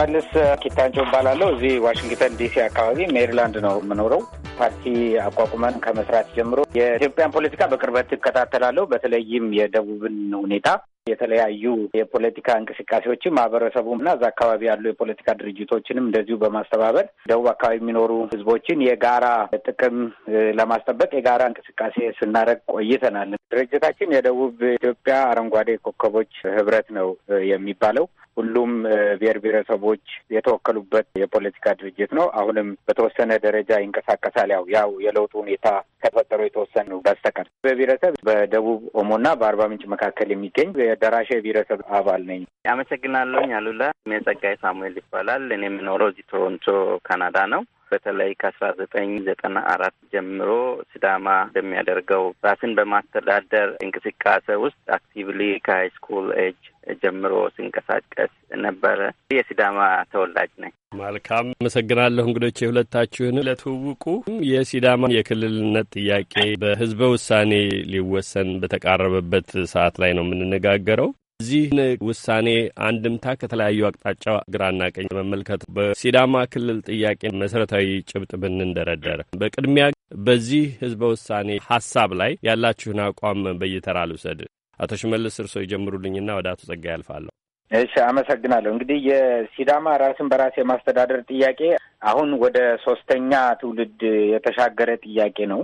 መልስ ኪታንጆ እባላለሁ። እዚህ ዋሽንግተን ዲሲ አካባቢ ሜሪላንድ ነው የምኖረው። ፓርቲ አቋቁመን ከመስራት ጀምሮ የኢትዮጵያን ፖለቲካ በቅርበት እከታተላለሁ። በተለይም የደቡብን ሁኔታ የተለያዩ የፖለቲካ እንቅስቃሴዎችን እና እዛ አካባቢ ያሉ የፖለቲካ ድርጅቶችንም እንደዚሁ በማስተባበር ደቡብ አካባቢ የሚኖሩ ህዝቦችን የጋራ ጥቅም ለማስጠበቅ የጋራ እንቅስቃሴ ስናደርግ ቆይተናል። ድርጅታችን የደቡብ ኢትዮጵያ አረንጓዴ ኮከቦች ህብረት ነው የሚባለው። ሁሉም ብሔር ብሔረሰቦች የተወከሉበት የፖለቲካ ድርጅት ነው። አሁንም በተወሰነ ደረጃ ይንቀሳቀሳል። ያው ያው የለውጡ ሁኔታ ከፈጠሩ የተወሰኑ በስተቀር በብሔረሰብ በደቡብ ኦሞና በአርባ ምንጭ መካከል የሚገኝ የደራሼ ብሔረሰብ አባል ነኝ። አመሰግናለሁኝ። አሉላ ሜጸጋይ ሳሙኤል ይባላል። እኔ የምኖረው እዚህ ቶሮንቶ ካናዳ ነው። በተለይ ከአስራ ዘጠኝ ዘጠና አራት ጀምሮ ሲዳማ በሚያደርገው ራስን በማስተዳደር እንቅስቃሴ ውስጥ አክቲቭሊ ከሀይ ስኩል ኤጅ ጀምሮ ሲንቀሳቀስ ነበረ። የሲዳማ ተወላጅ ነኝ። መልካም አመሰግናለሁ። እንግዶች የሁለታችሁን ለትውውቁ የሲዳማ የክልልነት ጥያቄ በህዝበ ውሳኔ ሊወሰን በተቃረበበት ሰዓት ላይ ነው የምንነጋገረው። እዚህን ውሳኔ አንድምታ ከተለያዩ አቅጣጫ ግራና ቀኝ መመልከት በሲዳማ ክልል ጥያቄ መሰረታዊ ጭብጥ ብንንደረደር በቅድሚያ በዚህ ህዝበ ውሳኔ ሀሳብ ላይ ያላችሁን አቋም በየተራ ልውሰድ። አቶ ሽመልስ እርሶ ይጀምሩልኝና ወደ አቶ ጸጋ ያልፋለሁ። እሺ፣ አመሰግናለሁ። እንግዲህ የሲዳማ ራስን በራስ የማስተዳደር ጥያቄ አሁን ወደ ሶስተኛ ትውልድ የተሻገረ ጥያቄ ነው።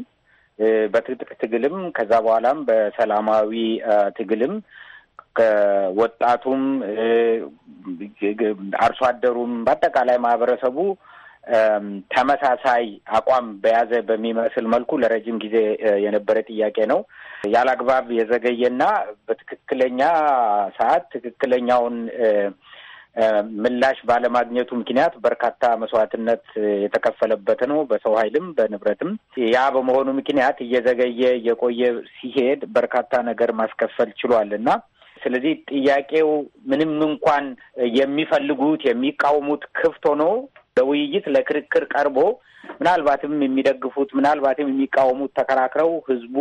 በትጥቅ ትግልም ከዛ በኋላም በሰላማዊ ትግልም ከወጣቱም አርሶ አደሩም በአጠቃላይ ማህበረሰቡ ተመሳሳይ አቋም በያዘ በሚመስል መልኩ ለረጅም ጊዜ የነበረ ጥያቄ ነው። ያላግባብ የዘገየና በትክክለኛ ሰዓት ትክክለኛውን ምላሽ ባለማግኘቱ ምክንያት በርካታ መስዋዕትነት የተከፈለበት ነው፣ በሰው ኃይልም በንብረትም። ያ በመሆኑ ምክንያት እየዘገየ እየቆየ ሲሄድ በርካታ ነገር ማስከፈል ችሏል እና ስለዚህ ጥያቄው ምንም እንኳን የሚፈልጉት የሚቃወሙት ክፍት ሆኖ ለውይይት ለክርክር ቀርቦ ምናልባትም የሚደግፉት ምናልባትም የሚቃወሙት ተከራክረው ህዝቡ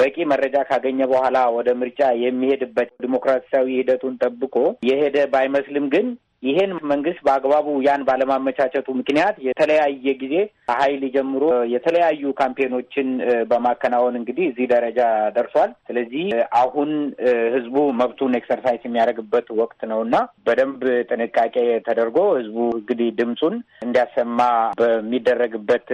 በቂ መረጃ ካገኘ በኋላ ወደ ምርጫ የሚሄድበት ዲሞክራሲያዊ ሂደቱን ጠብቆ የሄደ ባይመስልም ግን ይሄን መንግስት በአግባቡ ያን ባለማመቻቸቱ ምክንያት የተለያየ ጊዜ ኃይል ጀምሮ የተለያዩ ካምፔኖችን በማከናወን እንግዲህ እዚህ ደረጃ ደርሷል። ስለዚህ አሁን ህዝቡ መብቱን ኤክሰርሳይዝ የሚያደርግበት ወቅት ነው እና በደንብ ጥንቃቄ ተደርጎ ህዝቡ እንግዲህ ድምፁን እንዲያሰማ በሚደረግበት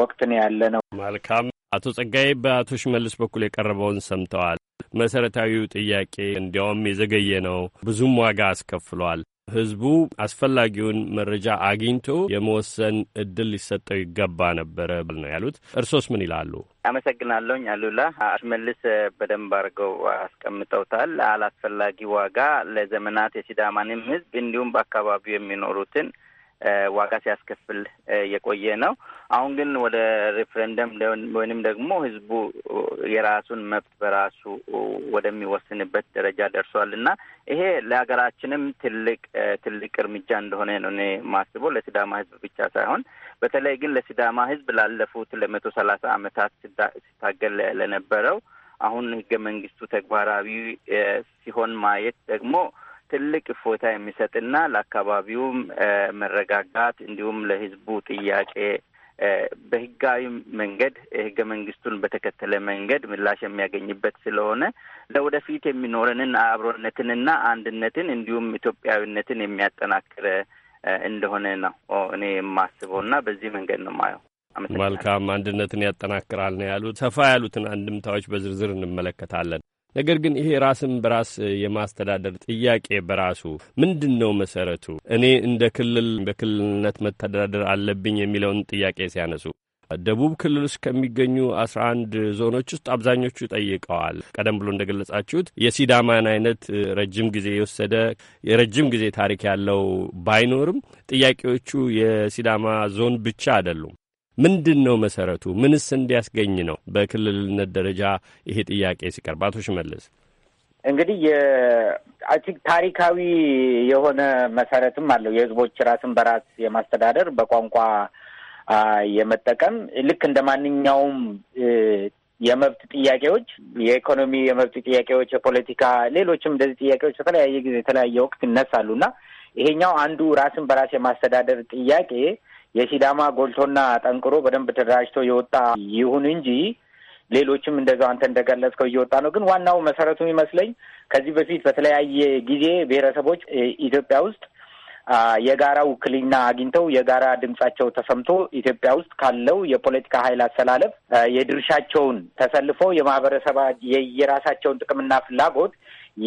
ወቅት ነው ያለ ነው። መልካም። አቶ ጸጋዬ በአቶ ሽመልስ በኩል የቀረበውን ሰምተዋል። መሰረታዊው ጥያቄ እንዲያውም የዘገየ ነው፣ ብዙም ዋጋ አስከፍሏል። ህዝቡ አስፈላጊውን መረጃ አግኝቶ የመወሰን እድል ሊሰጠው ይገባ ነበረ ብል ነው ያሉት። እርሶስ ምን ይላሉ? አመሰግናለሁኝ አሉላ አሽመልስ በደንብ አድርገው አስቀምጠውታል። አላስፈላጊ ዋጋ ለዘመናት የሲዳማንም ህዝብ እንዲሁም በአካባቢው የሚኖሩትን ዋጋ ሲያስከፍል የቆየ ነው። አሁን ግን ወደ ሪፍረንደም ወይንም ደግሞ ህዝቡ የራሱን መብት በራሱ ወደሚወስንበት ደረጃ ደርሷል እና ይሄ ለሀገራችንም ትልቅ ትልቅ እርምጃ እንደሆነ ነው እኔ ማስበው ለሲዳማ ህዝብ ብቻ ሳይሆን በተለይ ግን ለሲዳማ ህዝብ ላለፉት ለመቶ ሰላሳ አመታት ሲታገል ለነበረው አሁን ህገ መንግስቱ ተግባራዊ ሲሆን ማየት ደግሞ ትልቅ ፎታ የሚሰጥና ለአካባቢውም መረጋጋት እንዲሁም ለህዝቡ ጥያቄ በህጋዊ መንገድ ህገ መንግስቱን በተከተለ መንገድ ምላሽ የሚያገኝበት ስለሆነ ለወደፊት የሚኖረንን አብሮነትንና አንድነትን እንዲሁም ኢትዮጵያዊነትን የሚያጠናክረ እንደሆነ ነው እኔ የማስበው እና በዚህ መንገድ ነው ማየው። መልካም አንድነትን ያጠናክራል ነው ያሉት። ሰፋ ያሉትን አንድምታዎች በዝርዝር እንመለከታለን። ነገር ግን ይሄ ራስን በራስ የማስተዳደር ጥያቄ በራሱ ምንድን ነው መሰረቱ? እኔ እንደ ክልል በክልልነት መተዳደር አለብኝ የሚለውን ጥያቄ ሲያነሱ ደቡብ ክልል ውስጥ ከሚገኙ አስራ አንድ ዞኖች ውስጥ አብዛኞቹ ጠይቀዋል። ቀደም ብሎ እንደገለጻችሁት የሲዳማን አይነት ረጅም ጊዜ የወሰደ የረጅም ጊዜ ታሪክ ያለው ባይኖርም ጥያቄዎቹ የሲዳማ ዞን ብቻ አይደሉም። ምንድን ነው መሰረቱ? ምንስ እንዲያስገኝ ነው በክልልነት ደረጃ ይሄ ጥያቄ ሲቀርብ? አቶ ሽመልስ እንግዲህ የአቲክ ታሪካዊ የሆነ መሰረትም አለው። የህዝቦች ራስን በራስ የማስተዳደር በቋንቋ የመጠቀም ልክ እንደ ማንኛውም የመብት ጥያቄዎች፣ የኢኮኖሚ የመብት ጥያቄዎች፣ የፖለቲካ ሌሎችም እንደዚህ ጥያቄዎች በተለያየ ጊዜ የተለያየ ወቅት ይነሳሉ እና ይሄኛው አንዱ ራስን በራስ የማስተዳደር ጥያቄ የሲዳማ ጎልቶና ጠንቅሮ በደንብ ተደራጅቶ የወጣ ይሁን እንጂ ሌሎችም እንደዛው አንተ እንደገለጽከው እየወጣ ነው። ግን ዋናው መሰረቱ ይመስለኝ ከዚህ በፊት በተለያየ ጊዜ ብሔረሰቦች ኢትዮጵያ ውስጥ የጋራ ውክልና አግኝተው የጋራ ድምጻቸው ተሰምቶ ኢትዮጵያ ውስጥ ካለው የፖለቲካ ኃይል አሰላለፍ የድርሻቸውን ተሰልፈው የማህበረሰብ የየራሳቸውን ጥቅምና ፍላጎት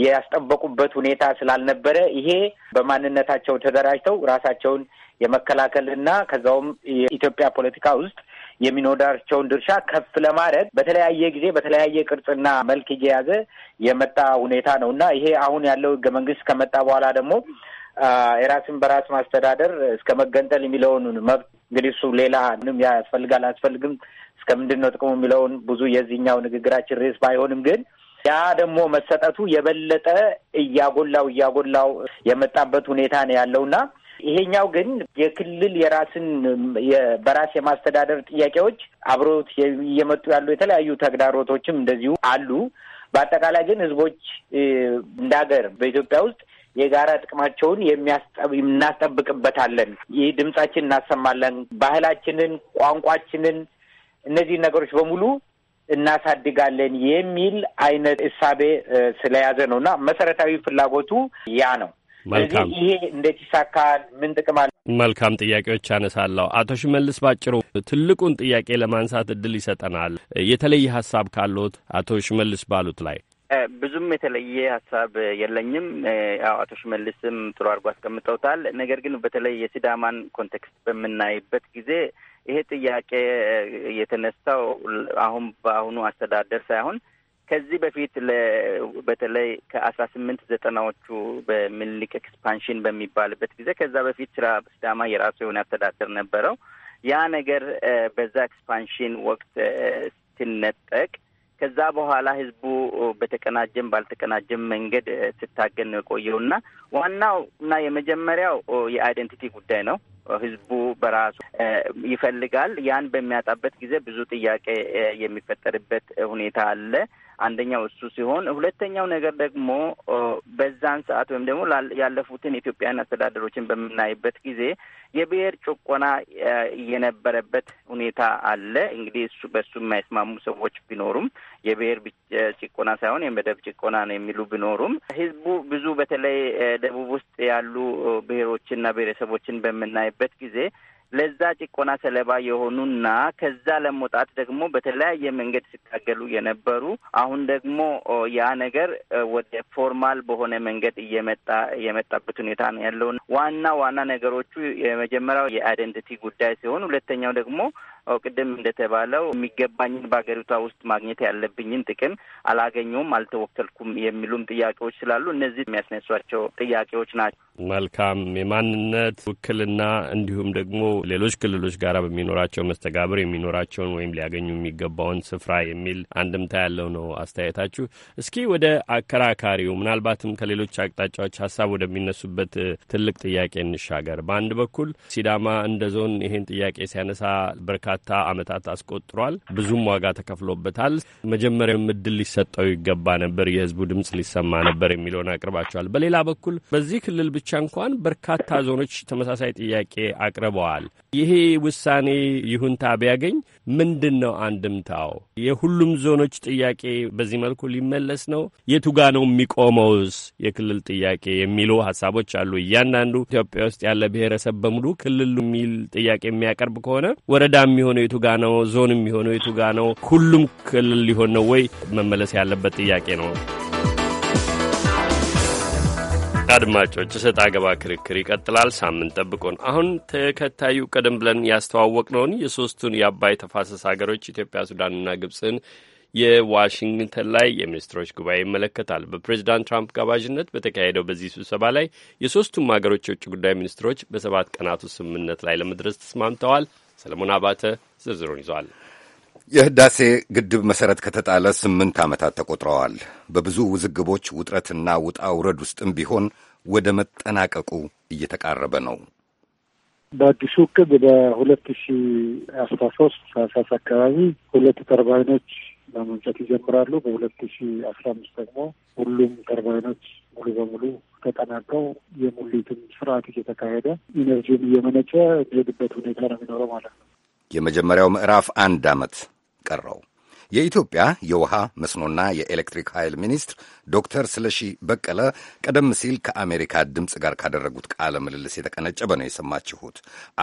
ያስጠበቁበት ሁኔታ ስላልነበረ ይሄ በማንነታቸው ተደራጅተው ራሳቸውን የመከላከልና ከዛውም የኢትዮጵያ ፖለቲካ ውስጥ የሚኖዳቸውን ድርሻ ከፍ ለማድረግ በተለያየ ጊዜ በተለያየ ቅርጽና መልክ እየያዘ የመጣ ሁኔታ ነው እና ይሄ አሁን ያለው ህገ መንግስት ከመጣ በኋላ ደግሞ የራስን በራስ ማስተዳደር እስከ መገንጠል የሚለውን መብት እንግዲህ እሱ ሌላ ምንም ያስፈልጋል አያስፈልግም እስከ ምንድን ነው ጥቅሙ የሚለውን ብዙ የዚህኛው ንግግራችን ርዕስ ባይሆንም ግን ያ ደግሞ መሰጠቱ የበለጠ እያጎላው እያጎላው የመጣበት ሁኔታ ነው ያለውና ይሄኛው ግን የክልል የራስን በራስ የማስተዳደር ጥያቄዎች አብሮት እየመጡ ያሉ የተለያዩ ተግዳሮቶችም እንደዚሁ አሉ። በአጠቃላይ ግን ህዝቦች እንደ ሀገር በኢትዮጵያ ውስጥ የጋራ ጥቅማቸውን እናስጠብቅበታለን። ይህ ድምጻችን እናሰማለን። ባህላችንን፣ ቋንቋችንን እነዚህ ነገሮች በሙሉ እናሳድጋለን የሚል አይነት እሳቤ ስለያዘ ነው እና መሰረታዊ ፍላጎቱ ያ ነው። ስለዚህ ይሄ እንዴት ይሳካል? ምን ጥቅም አለ? መልካም ጥያቄዎች አነሳለሁ። አቶ ሽመልስ ባጭሩ ትልቁን ጥያቄ ለማንሳት እድል ይሰጠናል። የተለየ ሀሳብ ካሉት አቶ ሽመልስ ባሉት ላይ ብዙም የተለየ ሀሳብ የለኝም። ያው አቶ ሽመልስም ጥሩ አድርጎ አስቀምጠውታል። ነገር ግን በተለይ የሲዳማን ኮንቴክስት በምናይበት ጊዜ ይሄ ጥያቄ የተነሳው አሁን በአሁኑ አስተዳደር ሳይሆን ከዚህ በፊት በተለይ ከአስራ ስምንት ዘጠናዎቹ በምኒልክ ኤክስፓንሽን በሚባልበት ጊዜ ከዛ በፊት ስራ ስዳማ የራሱ የሆነ አስተዳደር ነበረው። ያ ነገር በዛ ኤክስፓንሽን ወቅት ሲነጠቅ ከዛ በኋላ ህዝቡ በተቀናጀም ባልተቀናጀም መንገድ ስታገን ነው እና ዋናው እና የመጀመሪያው የአይደንቲቲ ጉዳይ ነው። ህዝቡ በራሱ ይፈልጋል። ያን በሚያጣበት ጊዜ ብዙ ጥያቄ የሚፈጠርበት ሁኔታ አለ። አንደኛው እሱ ሲሆን፣ ሁለተኛው ነገር ደግሞ በዛን ሰዓት ወይም ደግሞ ያለፉትን ኢትዮጵያን አስተዳደሮችን በምናይበት ጊዜ የብሔር ጭቆና የነበረበት ሁኔታ አለ። እንግዲህ እሱ በእሱ የማይስማሙ ሰዎች ቢኖሩም የብሔር ጭቆና ሳይሆን የመደብ ጭቆና ነው የሚሉ ቢኖሩም ህዝቡ ብዙ በተለይ ደቡብ ውስጥ ያሉ ብሔሮችና ብሔረሰቦችን በምናይበት ጊዜ ለዛ ጭቆና ሰለባ የሆኑና ከዛ ለመውጣት ደግሞ በተለያየ መንገድ ሲታገሉ የነበሩ አሁን ደግሞ ያ ነገር ወደ ፎርማል በሆነ መንገድ እየመጣ የመጣበት ሁኔታ ነው ያለውና ዋና ዋና ነገሮቹ የመጀመሪያው የአይደንቲቲ ጉዳይ ሲሆን ሁለተኛው ደግሞ ቅድም እንደተባለው የሚገባኝን በሀገሪቷ ውስጥ ማግኘት ያለብኝን ጥቅም አላገኘውም፣ አልተወከልኩም የሚሉም ጥያቄዎች ስላሉ እነዚህ የሚያስነሷቸው ጥያቄዎች ናቸው። መልካም የማንነት ውክልና እንዲሁም ደግሞ ሌሎች ክልሎች ጋር በሚኖራቸው መስተጋብር የሚኖራቸውን ወይም ሊያገኙ የሚገባውን ስፍራ የሚል አንድምታ ያለው ነው አስተያየታችሁ። እስኪ ወደ አከራካሪው ምናልባትም ከሌሎች አቅጣጫዎች ሀሳብ ወደሚነሱበት ትልቅ ጥያቄ እንሻገር። በአንድ በኩል ሲዳማ እንደ ዞን ይሄን ጥያቄ ሲያነሳ በርካታ በርካታ ዓመታት አስቆጥሯል። ብዙም ዋጋ ተከፍሎበታል። መጀመሪያም እድል ሊሰጠው ይገባ ነበር፣ የህዝቡ ድምፅ ሊሰማ ነበር የሚለውን አቅርባቸዋል። በሌላ በኩል በዚህ ክልል ብቻ እንኳን በርካታ ዞኖች ተመሳሳይ ጥያቄ አቅርበዋል። ይሄ ውሳኔ ይሁንታ ቢያገኝ ምንድን ነው አንድምታው? የሁሉም ዞኖች ጥያቄ በዚህ መልኩ ሊመለስ ነው? የቱጋ ነው የሚቆመውስ የክልል ጥያቄ የሚሉ ሀሳቦች አሉ። እያንዳንዱ ኢትዮጵያ ውስጥ ያለ ብሔረሰብ በሙሉ ክልል የሚል ጥያቄ የሚያቀርብ ከሆነ ወረዳ የሚሆነው የቱጋ ነው? ዞን የሚሆነው የቱጋ ነው? ሁሉም ክልል ሊሆን ነው ወይ? መመለስ ያለበት ጥያቄ ነው። አድማጮች እሰጥ አገባ ክርክር ይቀጥላል። ሳምንት ጠብቆን አሁን ተከታዩ ቀደም ብለን ያስተዋወቅነውን የሶስቱን የአባይ ተፋሰስ ሀገሮች ኢትዮጵያ፣ ሱዳንና ግብፅን የዋሽንግተን ላይ የሚኒስትሮች ጉባኤ ይመለከታል። በፕሬዚዳንት ትራምፕ ጋባዥነት በተካሄደው በዚህ ስብሰባ ላይ የሶስቱም ሀገሮች የውጭ ጉዳይ ሚኒስትሮች በሰባት ቀናቱ ስምምነት ላይ ለመድረስ ተስማምተዋል። ሰለሞን አባተ ዝርዝሩን ይዟል። የህዳሴ ግድብ መሠረት ከተጣለ ስምንት ዓመታት ተቆጥረዋል። በብዙ ውዝግቦች ውጥረትና ውጣ ውረድ ውስጥም ቢሆን ወደ መጠናቀቁ እየተቃረበ ነው። በአዲሱ እቅድ በሁለት ሺ አስራ ሶስት ሳሳስ አካባቢ ሁለት ተርባይኖች ለመንጨት ይጀምራሉ። በሁለት ሺ አስራ አምስት ደግሞ ሁሉም ተርባይኖች ሙሉ በሙሉ ተጠናቀው የሙሊትም ስርዓት እየተካሄደ ኢነርጂውን እየመነጨ የሚሄድበት ሁኔታ ነው የሚኖረው ማለት ነው። የመጀመሪያው ምዕራፍ አንድ ዓመት ቀረው። የኢትዮጵያ የውሃ መስኖና የኤሌክትሪክ ኃይል ሚኒስትር ዶክተር ስለሺ በቀለ ቀደም ሲል ከአሜሪካ ድምፅ ጋር ካደረጉት ቃለ ምልልስ የተቀነጨበ ነው የሰማችሁት።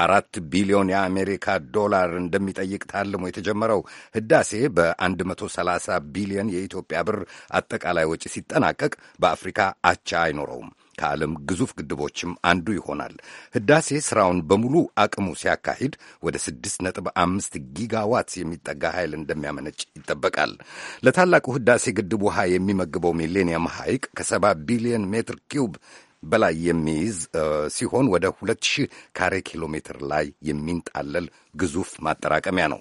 አራት ቢሊዮን የአሜሪካ ዶላር እንደሚጠይቅ ታልሞ የተጀመረው ህዳሴ በ130 ቢሊዮን የኢትዮጵያ ብር አጠቃላይ ወጪ ሲጠናቀቅ በአፍሪካ አቻ አይኖረውም። ከዓለም ግዙፍ ግድቦችም አንዱ ይሆናል። ህዳሴ ስራውን በሙሉ አቅሙ ሲያካሂድ ወደ 6.5 ጊጋዋት የሚጠጋ ኃይል እንደሚያመነጭ ይጠበቃል። ለታላቁ ህዳሴ ግድብ ውሃ የሚመግበው ሚሌኒየም ሐይቅ ከ70 ቢሊዮን ሜትር ኪዩብ በላይ የሚይዝ ሲሆን ወደ 2000 ካሬ ኪሎ ሜትር ላይ የሚንጣለል ግዙፍ ማጠራቀሚያ ነው።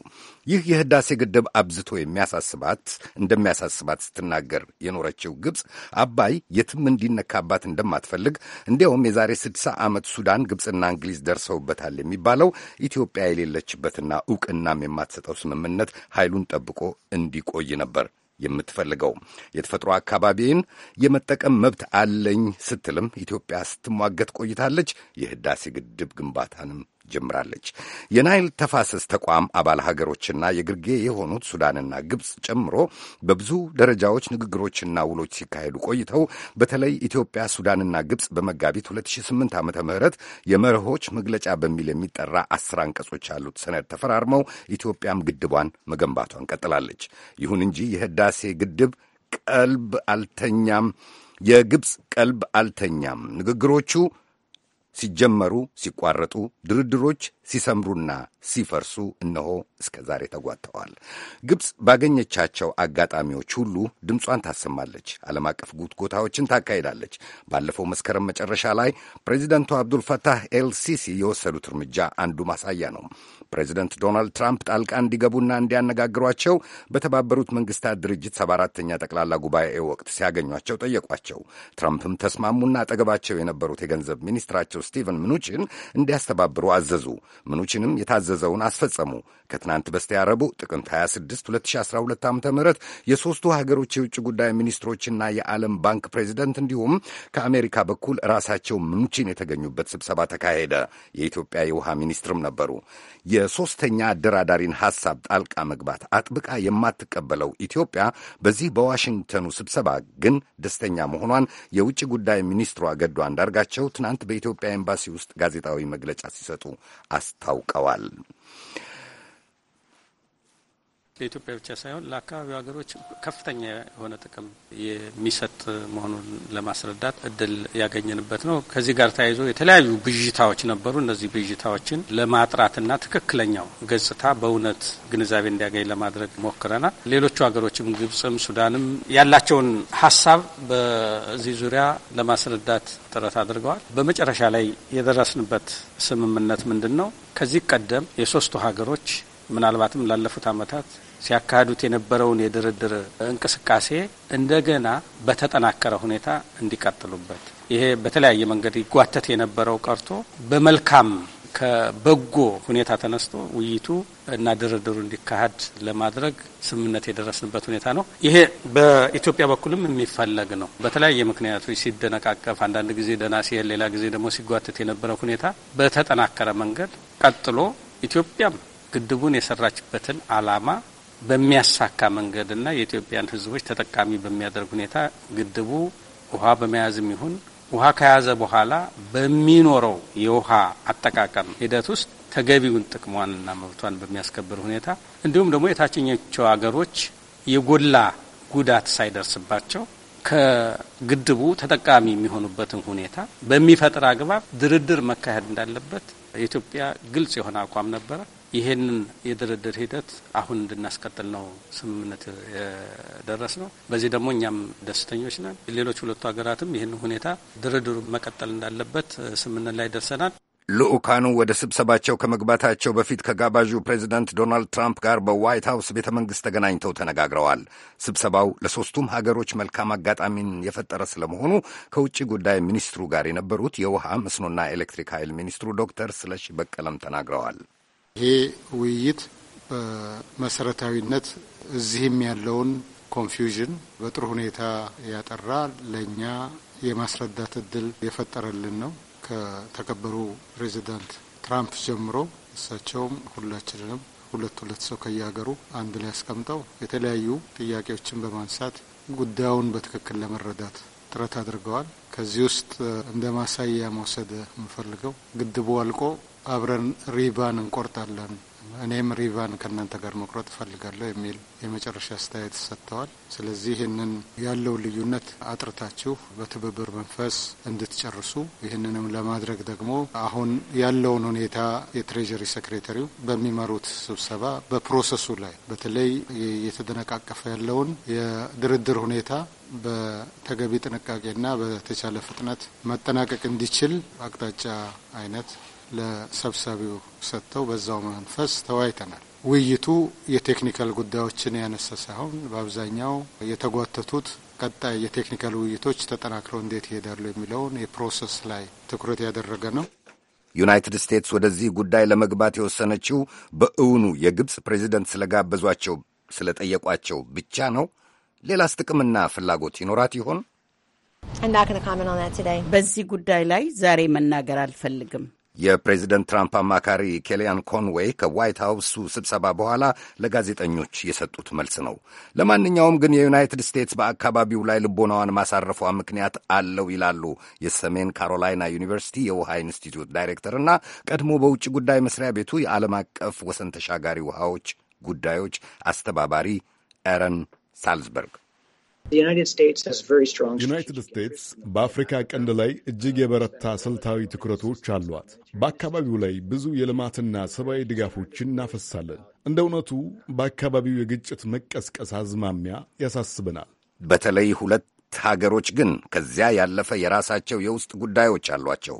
ይህ የህዳሴ ግድብ አብዝቶ የሚያሳስባት እንደሚያሳስባት ስትናገር የኖረችው ግብፅ አባይ የትም እንዲነካባት እንደማትፈልግ እንዲያውም የዛሬ ስድሳ ዓመት ሱዳን፣ ግብፅና እንግሊዝ ደርሰውበታል የሚባለው ኢትዮጵያ የሌለችበትና እውቅናም የማትሰጠው ስምምነት ኃይሉን ጠብቆ እንዲቆይ ነበር የምትፈልገው የተፈጥሮ አካባቢን የመጠቀም መብት አለኝ ስትልም ኢትዮጵያ ስትሟገት ቆይታለች። የህዳሴ ግድብ ግንባታንም ጀምራለች። የናይል ተፋሰስ ተቋም አባል ሀገሮችና የግርጌ የሆኑት ሱዳንና ግብፅ ጨምሮ በብዙ ደረጃዎች ንግግሮችና ውሎች ሲካሄዱ ቆይተው በተለይ ኢትዮጵያ፣ ሱዳንና ግብፅ በመጋቢት 2008 ዓ ም የመርሆች መግለጫ በሚል የሚጠራ አስር አንቀጾች ያሉት ሰነድ ተፈራርመው ኢትዮጵያም ግድቧን መገንባቷን ቀጥላለች። ይሁን እንጂ የህዳሴ ግድብ ቀልብ አልተኛም፣ የግብፅ ቀልብ አልተኛም። ንግግሮቹ ሲጀመሩ፣ ሲቋረጡ፣ ድርድሮች ሲሰምሩና ሲፈርሱ እነሆ እስከ ዛሬ ተጓተዋል። ግብፅ ባገኘቻቸው አጋጣሚዎች ሁሉ ድምጿን ታሰማለች፣ ዓለም አቀፍ ጉትጎታዎችን ታካሂዳለች። ባለፈው መስከረም መጨረሻ ላይ ፕሬዚደንቱ አብዱልፈታህ ኤልሲሲ የወሰዱት እርምጃ አንዱ ማሳያ ነው። ፕሬዚደንት ዶናልድ ትራምፕ ጣልቃ እንዲገቡና እንዲያነጋግሯቸው በተባበሩት መንግስታት ድርጅት ሰባ አራተኛ ጠቅላላ ጉባኤ ወቅት ሲያገኟቸው ጠየቋቸው። ትራምፕም ተስማሙና አጠገባቸው የነበሩት የገንዘብ ሚኒስትራቸው ስቲቨን ምኑችን እንዲያስተባብሩ አዘዙ። ምኑችንም የታዘዘውን አስፈጸሙ። ከትናንት በስቲያ ረቡዕ ጥቅምት 26 2012 ዓ ም የሦስቱ ሀገሮች የውጭ ጉዳይ ሚኒስትሮችና የዓለም ባንክ ፕሬዚደንት እንዲሁም ከአሜሪካ በኩል ራሳቸው ምኑችን የተገኙበት ስብሰባ ተካሄደ። የኢትዮጵያ የውሃ ሚኒስትርም ነበሩ። የሦስተኛ አደራዳሪን ሐሳብ ጣልቃ መግባት አጥብቃ የማትቀበለው ኢትዮጵያ በዚህ በዋሽንግተኑ ስብሰባ ግን ደስተኛ መሆኗን የውጭ ጉዳይ ሚኒስትሯ ገዱ አንዳርጋቸው ትናንት በኢትዮጵያ ኤምባሲ ውስጥ ጋዜጣዊ መግለጫ ሲሰጡ አስታውቀዋል። ለኢትዮጵያ ብቻ ሳይሆን ለአካባቢው ሀገሮች ከፍተኛ የሆነ ጥቅም የሚሰጥ መሆኑን ለማስረዳት እድል ያገኘንበት ነው። ከዚህ ጋር ተያይዞ የተለያዩ ብዥታዎች ነበሩ። እነዚህ ብዥታዎችን ለማጥራትና ትክክለኛው ገጽታ በእውነት ግንዛቤ እንዲያገኝ ለማድረግ ሞክረናል። ሌሎቹ ሀገሮችም ግብጽም፣ ሱዳንም ያላቸውን ሀሳብ በዚህ ዙሪያ ለማስረዳት ጥረት አድርገዋል። በመጨረሻ ላይ የደረስንበት ስምምነት ምንድን ነው? ከዚህ ቀደም የሶስቱ ሀገሮች ምናልባትም ላለፉት ዓመታት ሲያካሂዱት የነበረውን የድርድር እንቅስቃሴ እንደገና በተጠናከረ ሁኔታ እንዲቀጥሉበት ይሄ በተለያየ መንገድ ይጓተት የነበረው ቀርቶ በመልካም ከበጎ ሁኔታ ተነስቶ ውይይቱ እና ድርድሩ እንዲካሄድ ለማድረግ ስምምነት የደረስንበት ሁኔታ ነው። ይሄ በኢትዮጵያ በኩልም የሚፈለግ ነው። በተለያየ ምክንያቶች ሲደነቃቀፍ፣ አንዳንድ ጊዜ ደህና ሲሄድ፣ ሌላ ጊዜ ደግሞ ሲጓተት የነበረ ሁኔታ በተጠናከረ መንገድ ቀጥሎ ኢትዮጵያም ግድቡን የሰራችበትን ዓላማ በሚያሳካ መንገድና የኢትዮጵያን ሕዝቦች ተጠቃሚ በሚያደርግ ሁኔታ ግድቡ ውሃ በመያዝም ይሁን ውሃ ከያዘ በኋላ በሚኖረው የውሃ አጠቃቀም ሂደት ውስጥ ተገቢውን ጥቅሟንና መብቷን በሚያስከብር ሁኔታ እንዲሁም ደግሞ የታችኞቹ ሀገሮች የጎላ ጉዳት ሳይደርስባቸው ከግድቡ ተጠቃሚ የሚሆኑበትን ሁኔታ በሚፈጥር አግባብ ድርድር መካሄድ እንዳለበት የኢትዮጵያ ግልጽ የሆነ አቋም ነበረ። ይሄንን የድርድር ሂደት አሁን እንድናስቀጥል ነው ስምምነት የደረስ ነው። በዚህ ደግሞ እኛም ደስተኞች ነን። ሌሎች ሁለቱ ሀገራትም ይህን ሁኔታ ድርድሩ መቀጠል እንዳለበት ስምምነት ላይ ደርሰናል። ልዑካኑ ወደ ስብሰባቸው ከመግባታቸው በፊት ከጋባዡ ፕሬዚደንት ዶናልድ ትራምፕ ጋር በዋይት ሀውስ ቤተ መንግሥት ተገናኝተው ተነጋግረዋል። ስብሰባው ለሦስቱም ሀገሮች መልካም አጋጣሚን የፈጠረ ስለመሆኑ ከውጭ ጉዳይ ሚኒስትሩ ጋር የነበሩት የውሃ መስኖና ኤሌክትሪክ ኃይል ሚኒስትሩ ዶክተር ስለሺ በቀለም ተናግረዋል። ይሄ ውይይት በመሰረታዊነት እዚህም ያለውን ኮንፊውዥን በጥሩ ሁኔታ ያጠራ ለእኛ የማስረዳት እድል የፈጠረልን ነው። ከተከበሩ ፕሬዚዳንት ትራምፕ ጀምሮ እሳቸውም ሁላችንንም ሁለት ሁለት ሰው ከየሀገሩ አንድ ላይ አስቀምጠው የተለያዩ ጥያቄዎችን በማንሳት ጉዳዩን በትክክል ለመረዳት ጥረት አድርገዋል። ከዚህ ውስጥ እንደ ማሳያ መውሰድ የምፈልገው ግድቡ አልቆ አብረን ሪቫን እንቆርጣለን፣ እኔም ሪቫን ከእናንተ ጋር መቁረጥ እፈልጋለሁ የሚል የመጨረሻ አስተያየት ሰጥተዋል። ስለዚህ ይህንን ያለው ልዩነት አጥርታችሁ በትብብር መንፈስ እንድትጨርሱ፣ ይህንንም ለማድረግ ደግሞ አሁን ያለውን ሁኔታ የትሬጀሪ ሴክሬታሪው በሚመሩት ስብሰባ በፕሮሰሱ ላይ በተለይ እየተደነቃቀፈ ያለውን የድርድር ሁኔታ በተገቢ ጥንቃቄና በተቻለ ፍጥነት መጠናቀቅ እንዲችል አቅጣጫ አይነት ለሰብሳቢው ሰጥተው በዛው መንፈስ ተወያይተናል። ውይይቱ የቴክኒካል ጉዳዮችን ያነሳ ሳይሆን በአብዛኛው የተጓተቱት ቀጣይ የቴክኒካል ውይይቶች ተጠናክረው እንዴት ይሄዳሉ የሚለውን የፕሮሰስ ላይ ትኩረት ያደረገ ነው። ዩናይትድ ስቴትስ ወደዚህ ጉዳይ ለመግባት የወሰነችው በእውኑ የግብፅ ፕሬዚደንት ስለጋበዟቸው ስለጠየቋቸው ብቻ ነው? ሌላስ ጥቅምና ፍላጎት ይኖራት ይሆን? በዚህ ጉዳይ ላይ ዛሬ መናገር አልፈልግም። የፕሬዚደንት ትራምፕ አማካሪ ኬሊያን ኮንዌይ ከዋይት ሀውሱ ስብሰባ በኋላ ለጋዜጠኞች የሰጡት መልስ ነው። ለማንኛውም ግን የዩናይትድ ስቴትስ በአካባቢው ላይ ልቦናዋን ማሳረፏ ምክንያት አለው ይላሉ የሰሜን ካሮላይና ዩኒቨርሲቲ የውሃ ኢንስቲትዩት ዳይሬክተር እና ቀድሞ በውጭ ጉዳይ መስሪያ ቤቱ የዓለም አቀፍ ወሰን ተሻጋሪ ውሃዎች ጉዳዮች አስተባባሪ ኤረን ሳልዝበርግ ዩናይትድ ስቴትስ በአፍሪካ ቀንድ ላይ እጅግ የበረታ ስልታዊ ትኩረቶች አሏት። በአካባቢው ላይ ብዙ የልማትና ሰብአዊ ድጋፎችን እናፈሳለን። እንደ እውነቱ በአካባቢው የግጭት መቀስቀስ አዝማሚያ ያሳስበናል። በተለይ ሁለት ሀገሮች ግን ከዚያ ያለፈ የራሳቸው የውስጥ ጉዳዮች አሏቸው።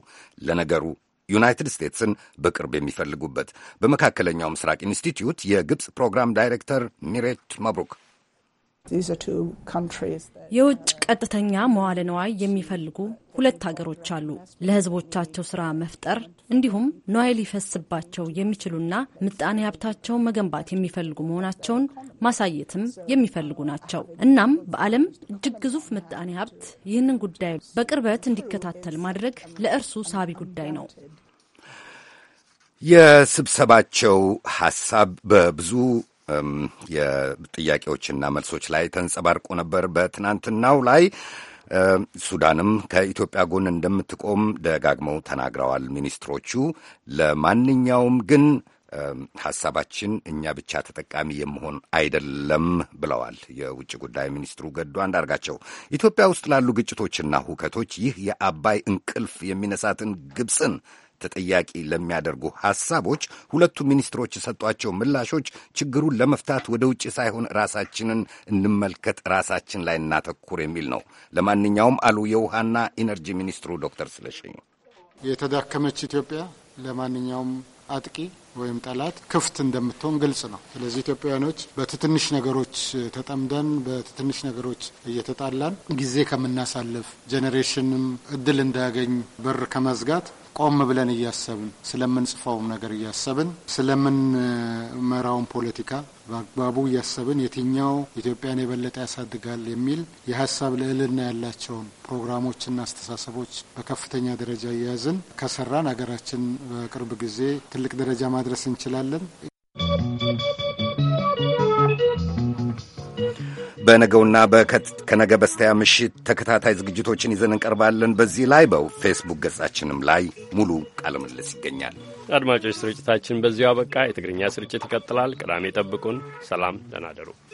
ለነገሩ ዩናይትድ ስቴትስን በቅርብ የሚፈልጉበት በመካከለኛው ምስራቅ ኢንስቲትዩት የግብፅ ፕሮግራም ዳይሬክተር ሚሬት መብሩክ የውጭ uh, ቀጥተኛ መዋለ ነዋይ የሚፈልጉ ሁለት ሀገሮች አሉ። ለህዝቦቻቸው ስራ መፍጠር እንዲሁም ነዋይ ሊፈስባቸው የሚችሉና ምጣኔ ሀብታቸው መገንባት የሚፈልጉ መሆናቸውን ማሳየትም የሚፈልጉ ናቸው። እናም በዓለም እጅግ ግዙፍ ምጣኔ ሀብት ይህንን ጉዳይ በቅርበት እንዲከታተል ማድረግ ለእርሱ ሳቢ ጉዳይ ነው። የስብሰባቸው ሀሳብ በብዙ የጥያቄዎችና መልሶች ላይ ተንጸባርቆ ነበር በትናንትናው ላይ። ሱዳንም ከኢትዮጵያ ጎን እንደምትቆም ደጋግመው ተናግረዋል ሚኒስትሮቹ። ለማንኛውም ግን ሀሳባችን እኛ ብቻ ተጠቃሚ የመሆን አይደለም ብለዋል የውጭ ጉዳይ ሚኒስትሩ ገዱ አንዳርጋቸው። ኢትዮጵያ ውስጥ ላሉ ግጭቶችና ሁከቶች ይህ የአባይ እንቅልፍ የሚነሳትን ግብፅን ተጠያቂ ለሚያደርጉ ሐሳቦች ሁለቱ ሚኒስትሮች የሰጧቸው ምላሾች ችግሩን ለመፍታት ወደ ውጭ ሳይሆን ራሳችንን እንመልከት፣ ራሳችን ላይ እናተኩር የሚል ነው። ለማንኛውም አሉ የውሃና ኢነርጂ ሚኒስትሩ ዶክተር ስለሺ የተዳከመች ኢትዮጵያ ለማንኛውም አጥቂ ወይም ጠላት ክፍት እንደምትሆን ግልጽ ነው። ስለዚህ ኢትዮጵያውያኖች በትትንሽ ነገሮች ተጠምደን በትትንሽ ነገሮች እየተጣላን ጊዜ ከምናሳልፍ ጄኔሬሽንም እድል እንዳያገኝ በር ከመዝጋት ቆም ብለን እያሰብን ስለምንጽፈውም ነገር እያሰብን ስለምንመራውን ፖለቲካ በአግባቡ እያሰብን የትኛው ኢትዮጵያን የበለጠ ያሳድጋል የሚል የሀሳብ ልዕልና ያላቸውን ፕሮግራሞችና አስተሳሰቦች በከፍተኛ ደረጃ እያያዝን ከሰራን ሀገራችን በቅርብ ጊዜ ትልቅ ደረጃ ማድረስ እንችላለን። በነገውና ከነገ በስተያ ምሽት ተከታታይ ዝግጅቶችን ይዘን እንቀርባለን። በዚህ ላይ በፌስቡክ ገጻችንም ላይ ሙሉ ቃለ ምልልስ ይገኛል። አድማጮች፣ ስርጭታችን በዚሁ አበቃ። የትግርኛ ስርጭት ይቀጥላል። ቅዳሜ ጠብቁን። ሰላም፣ ደህና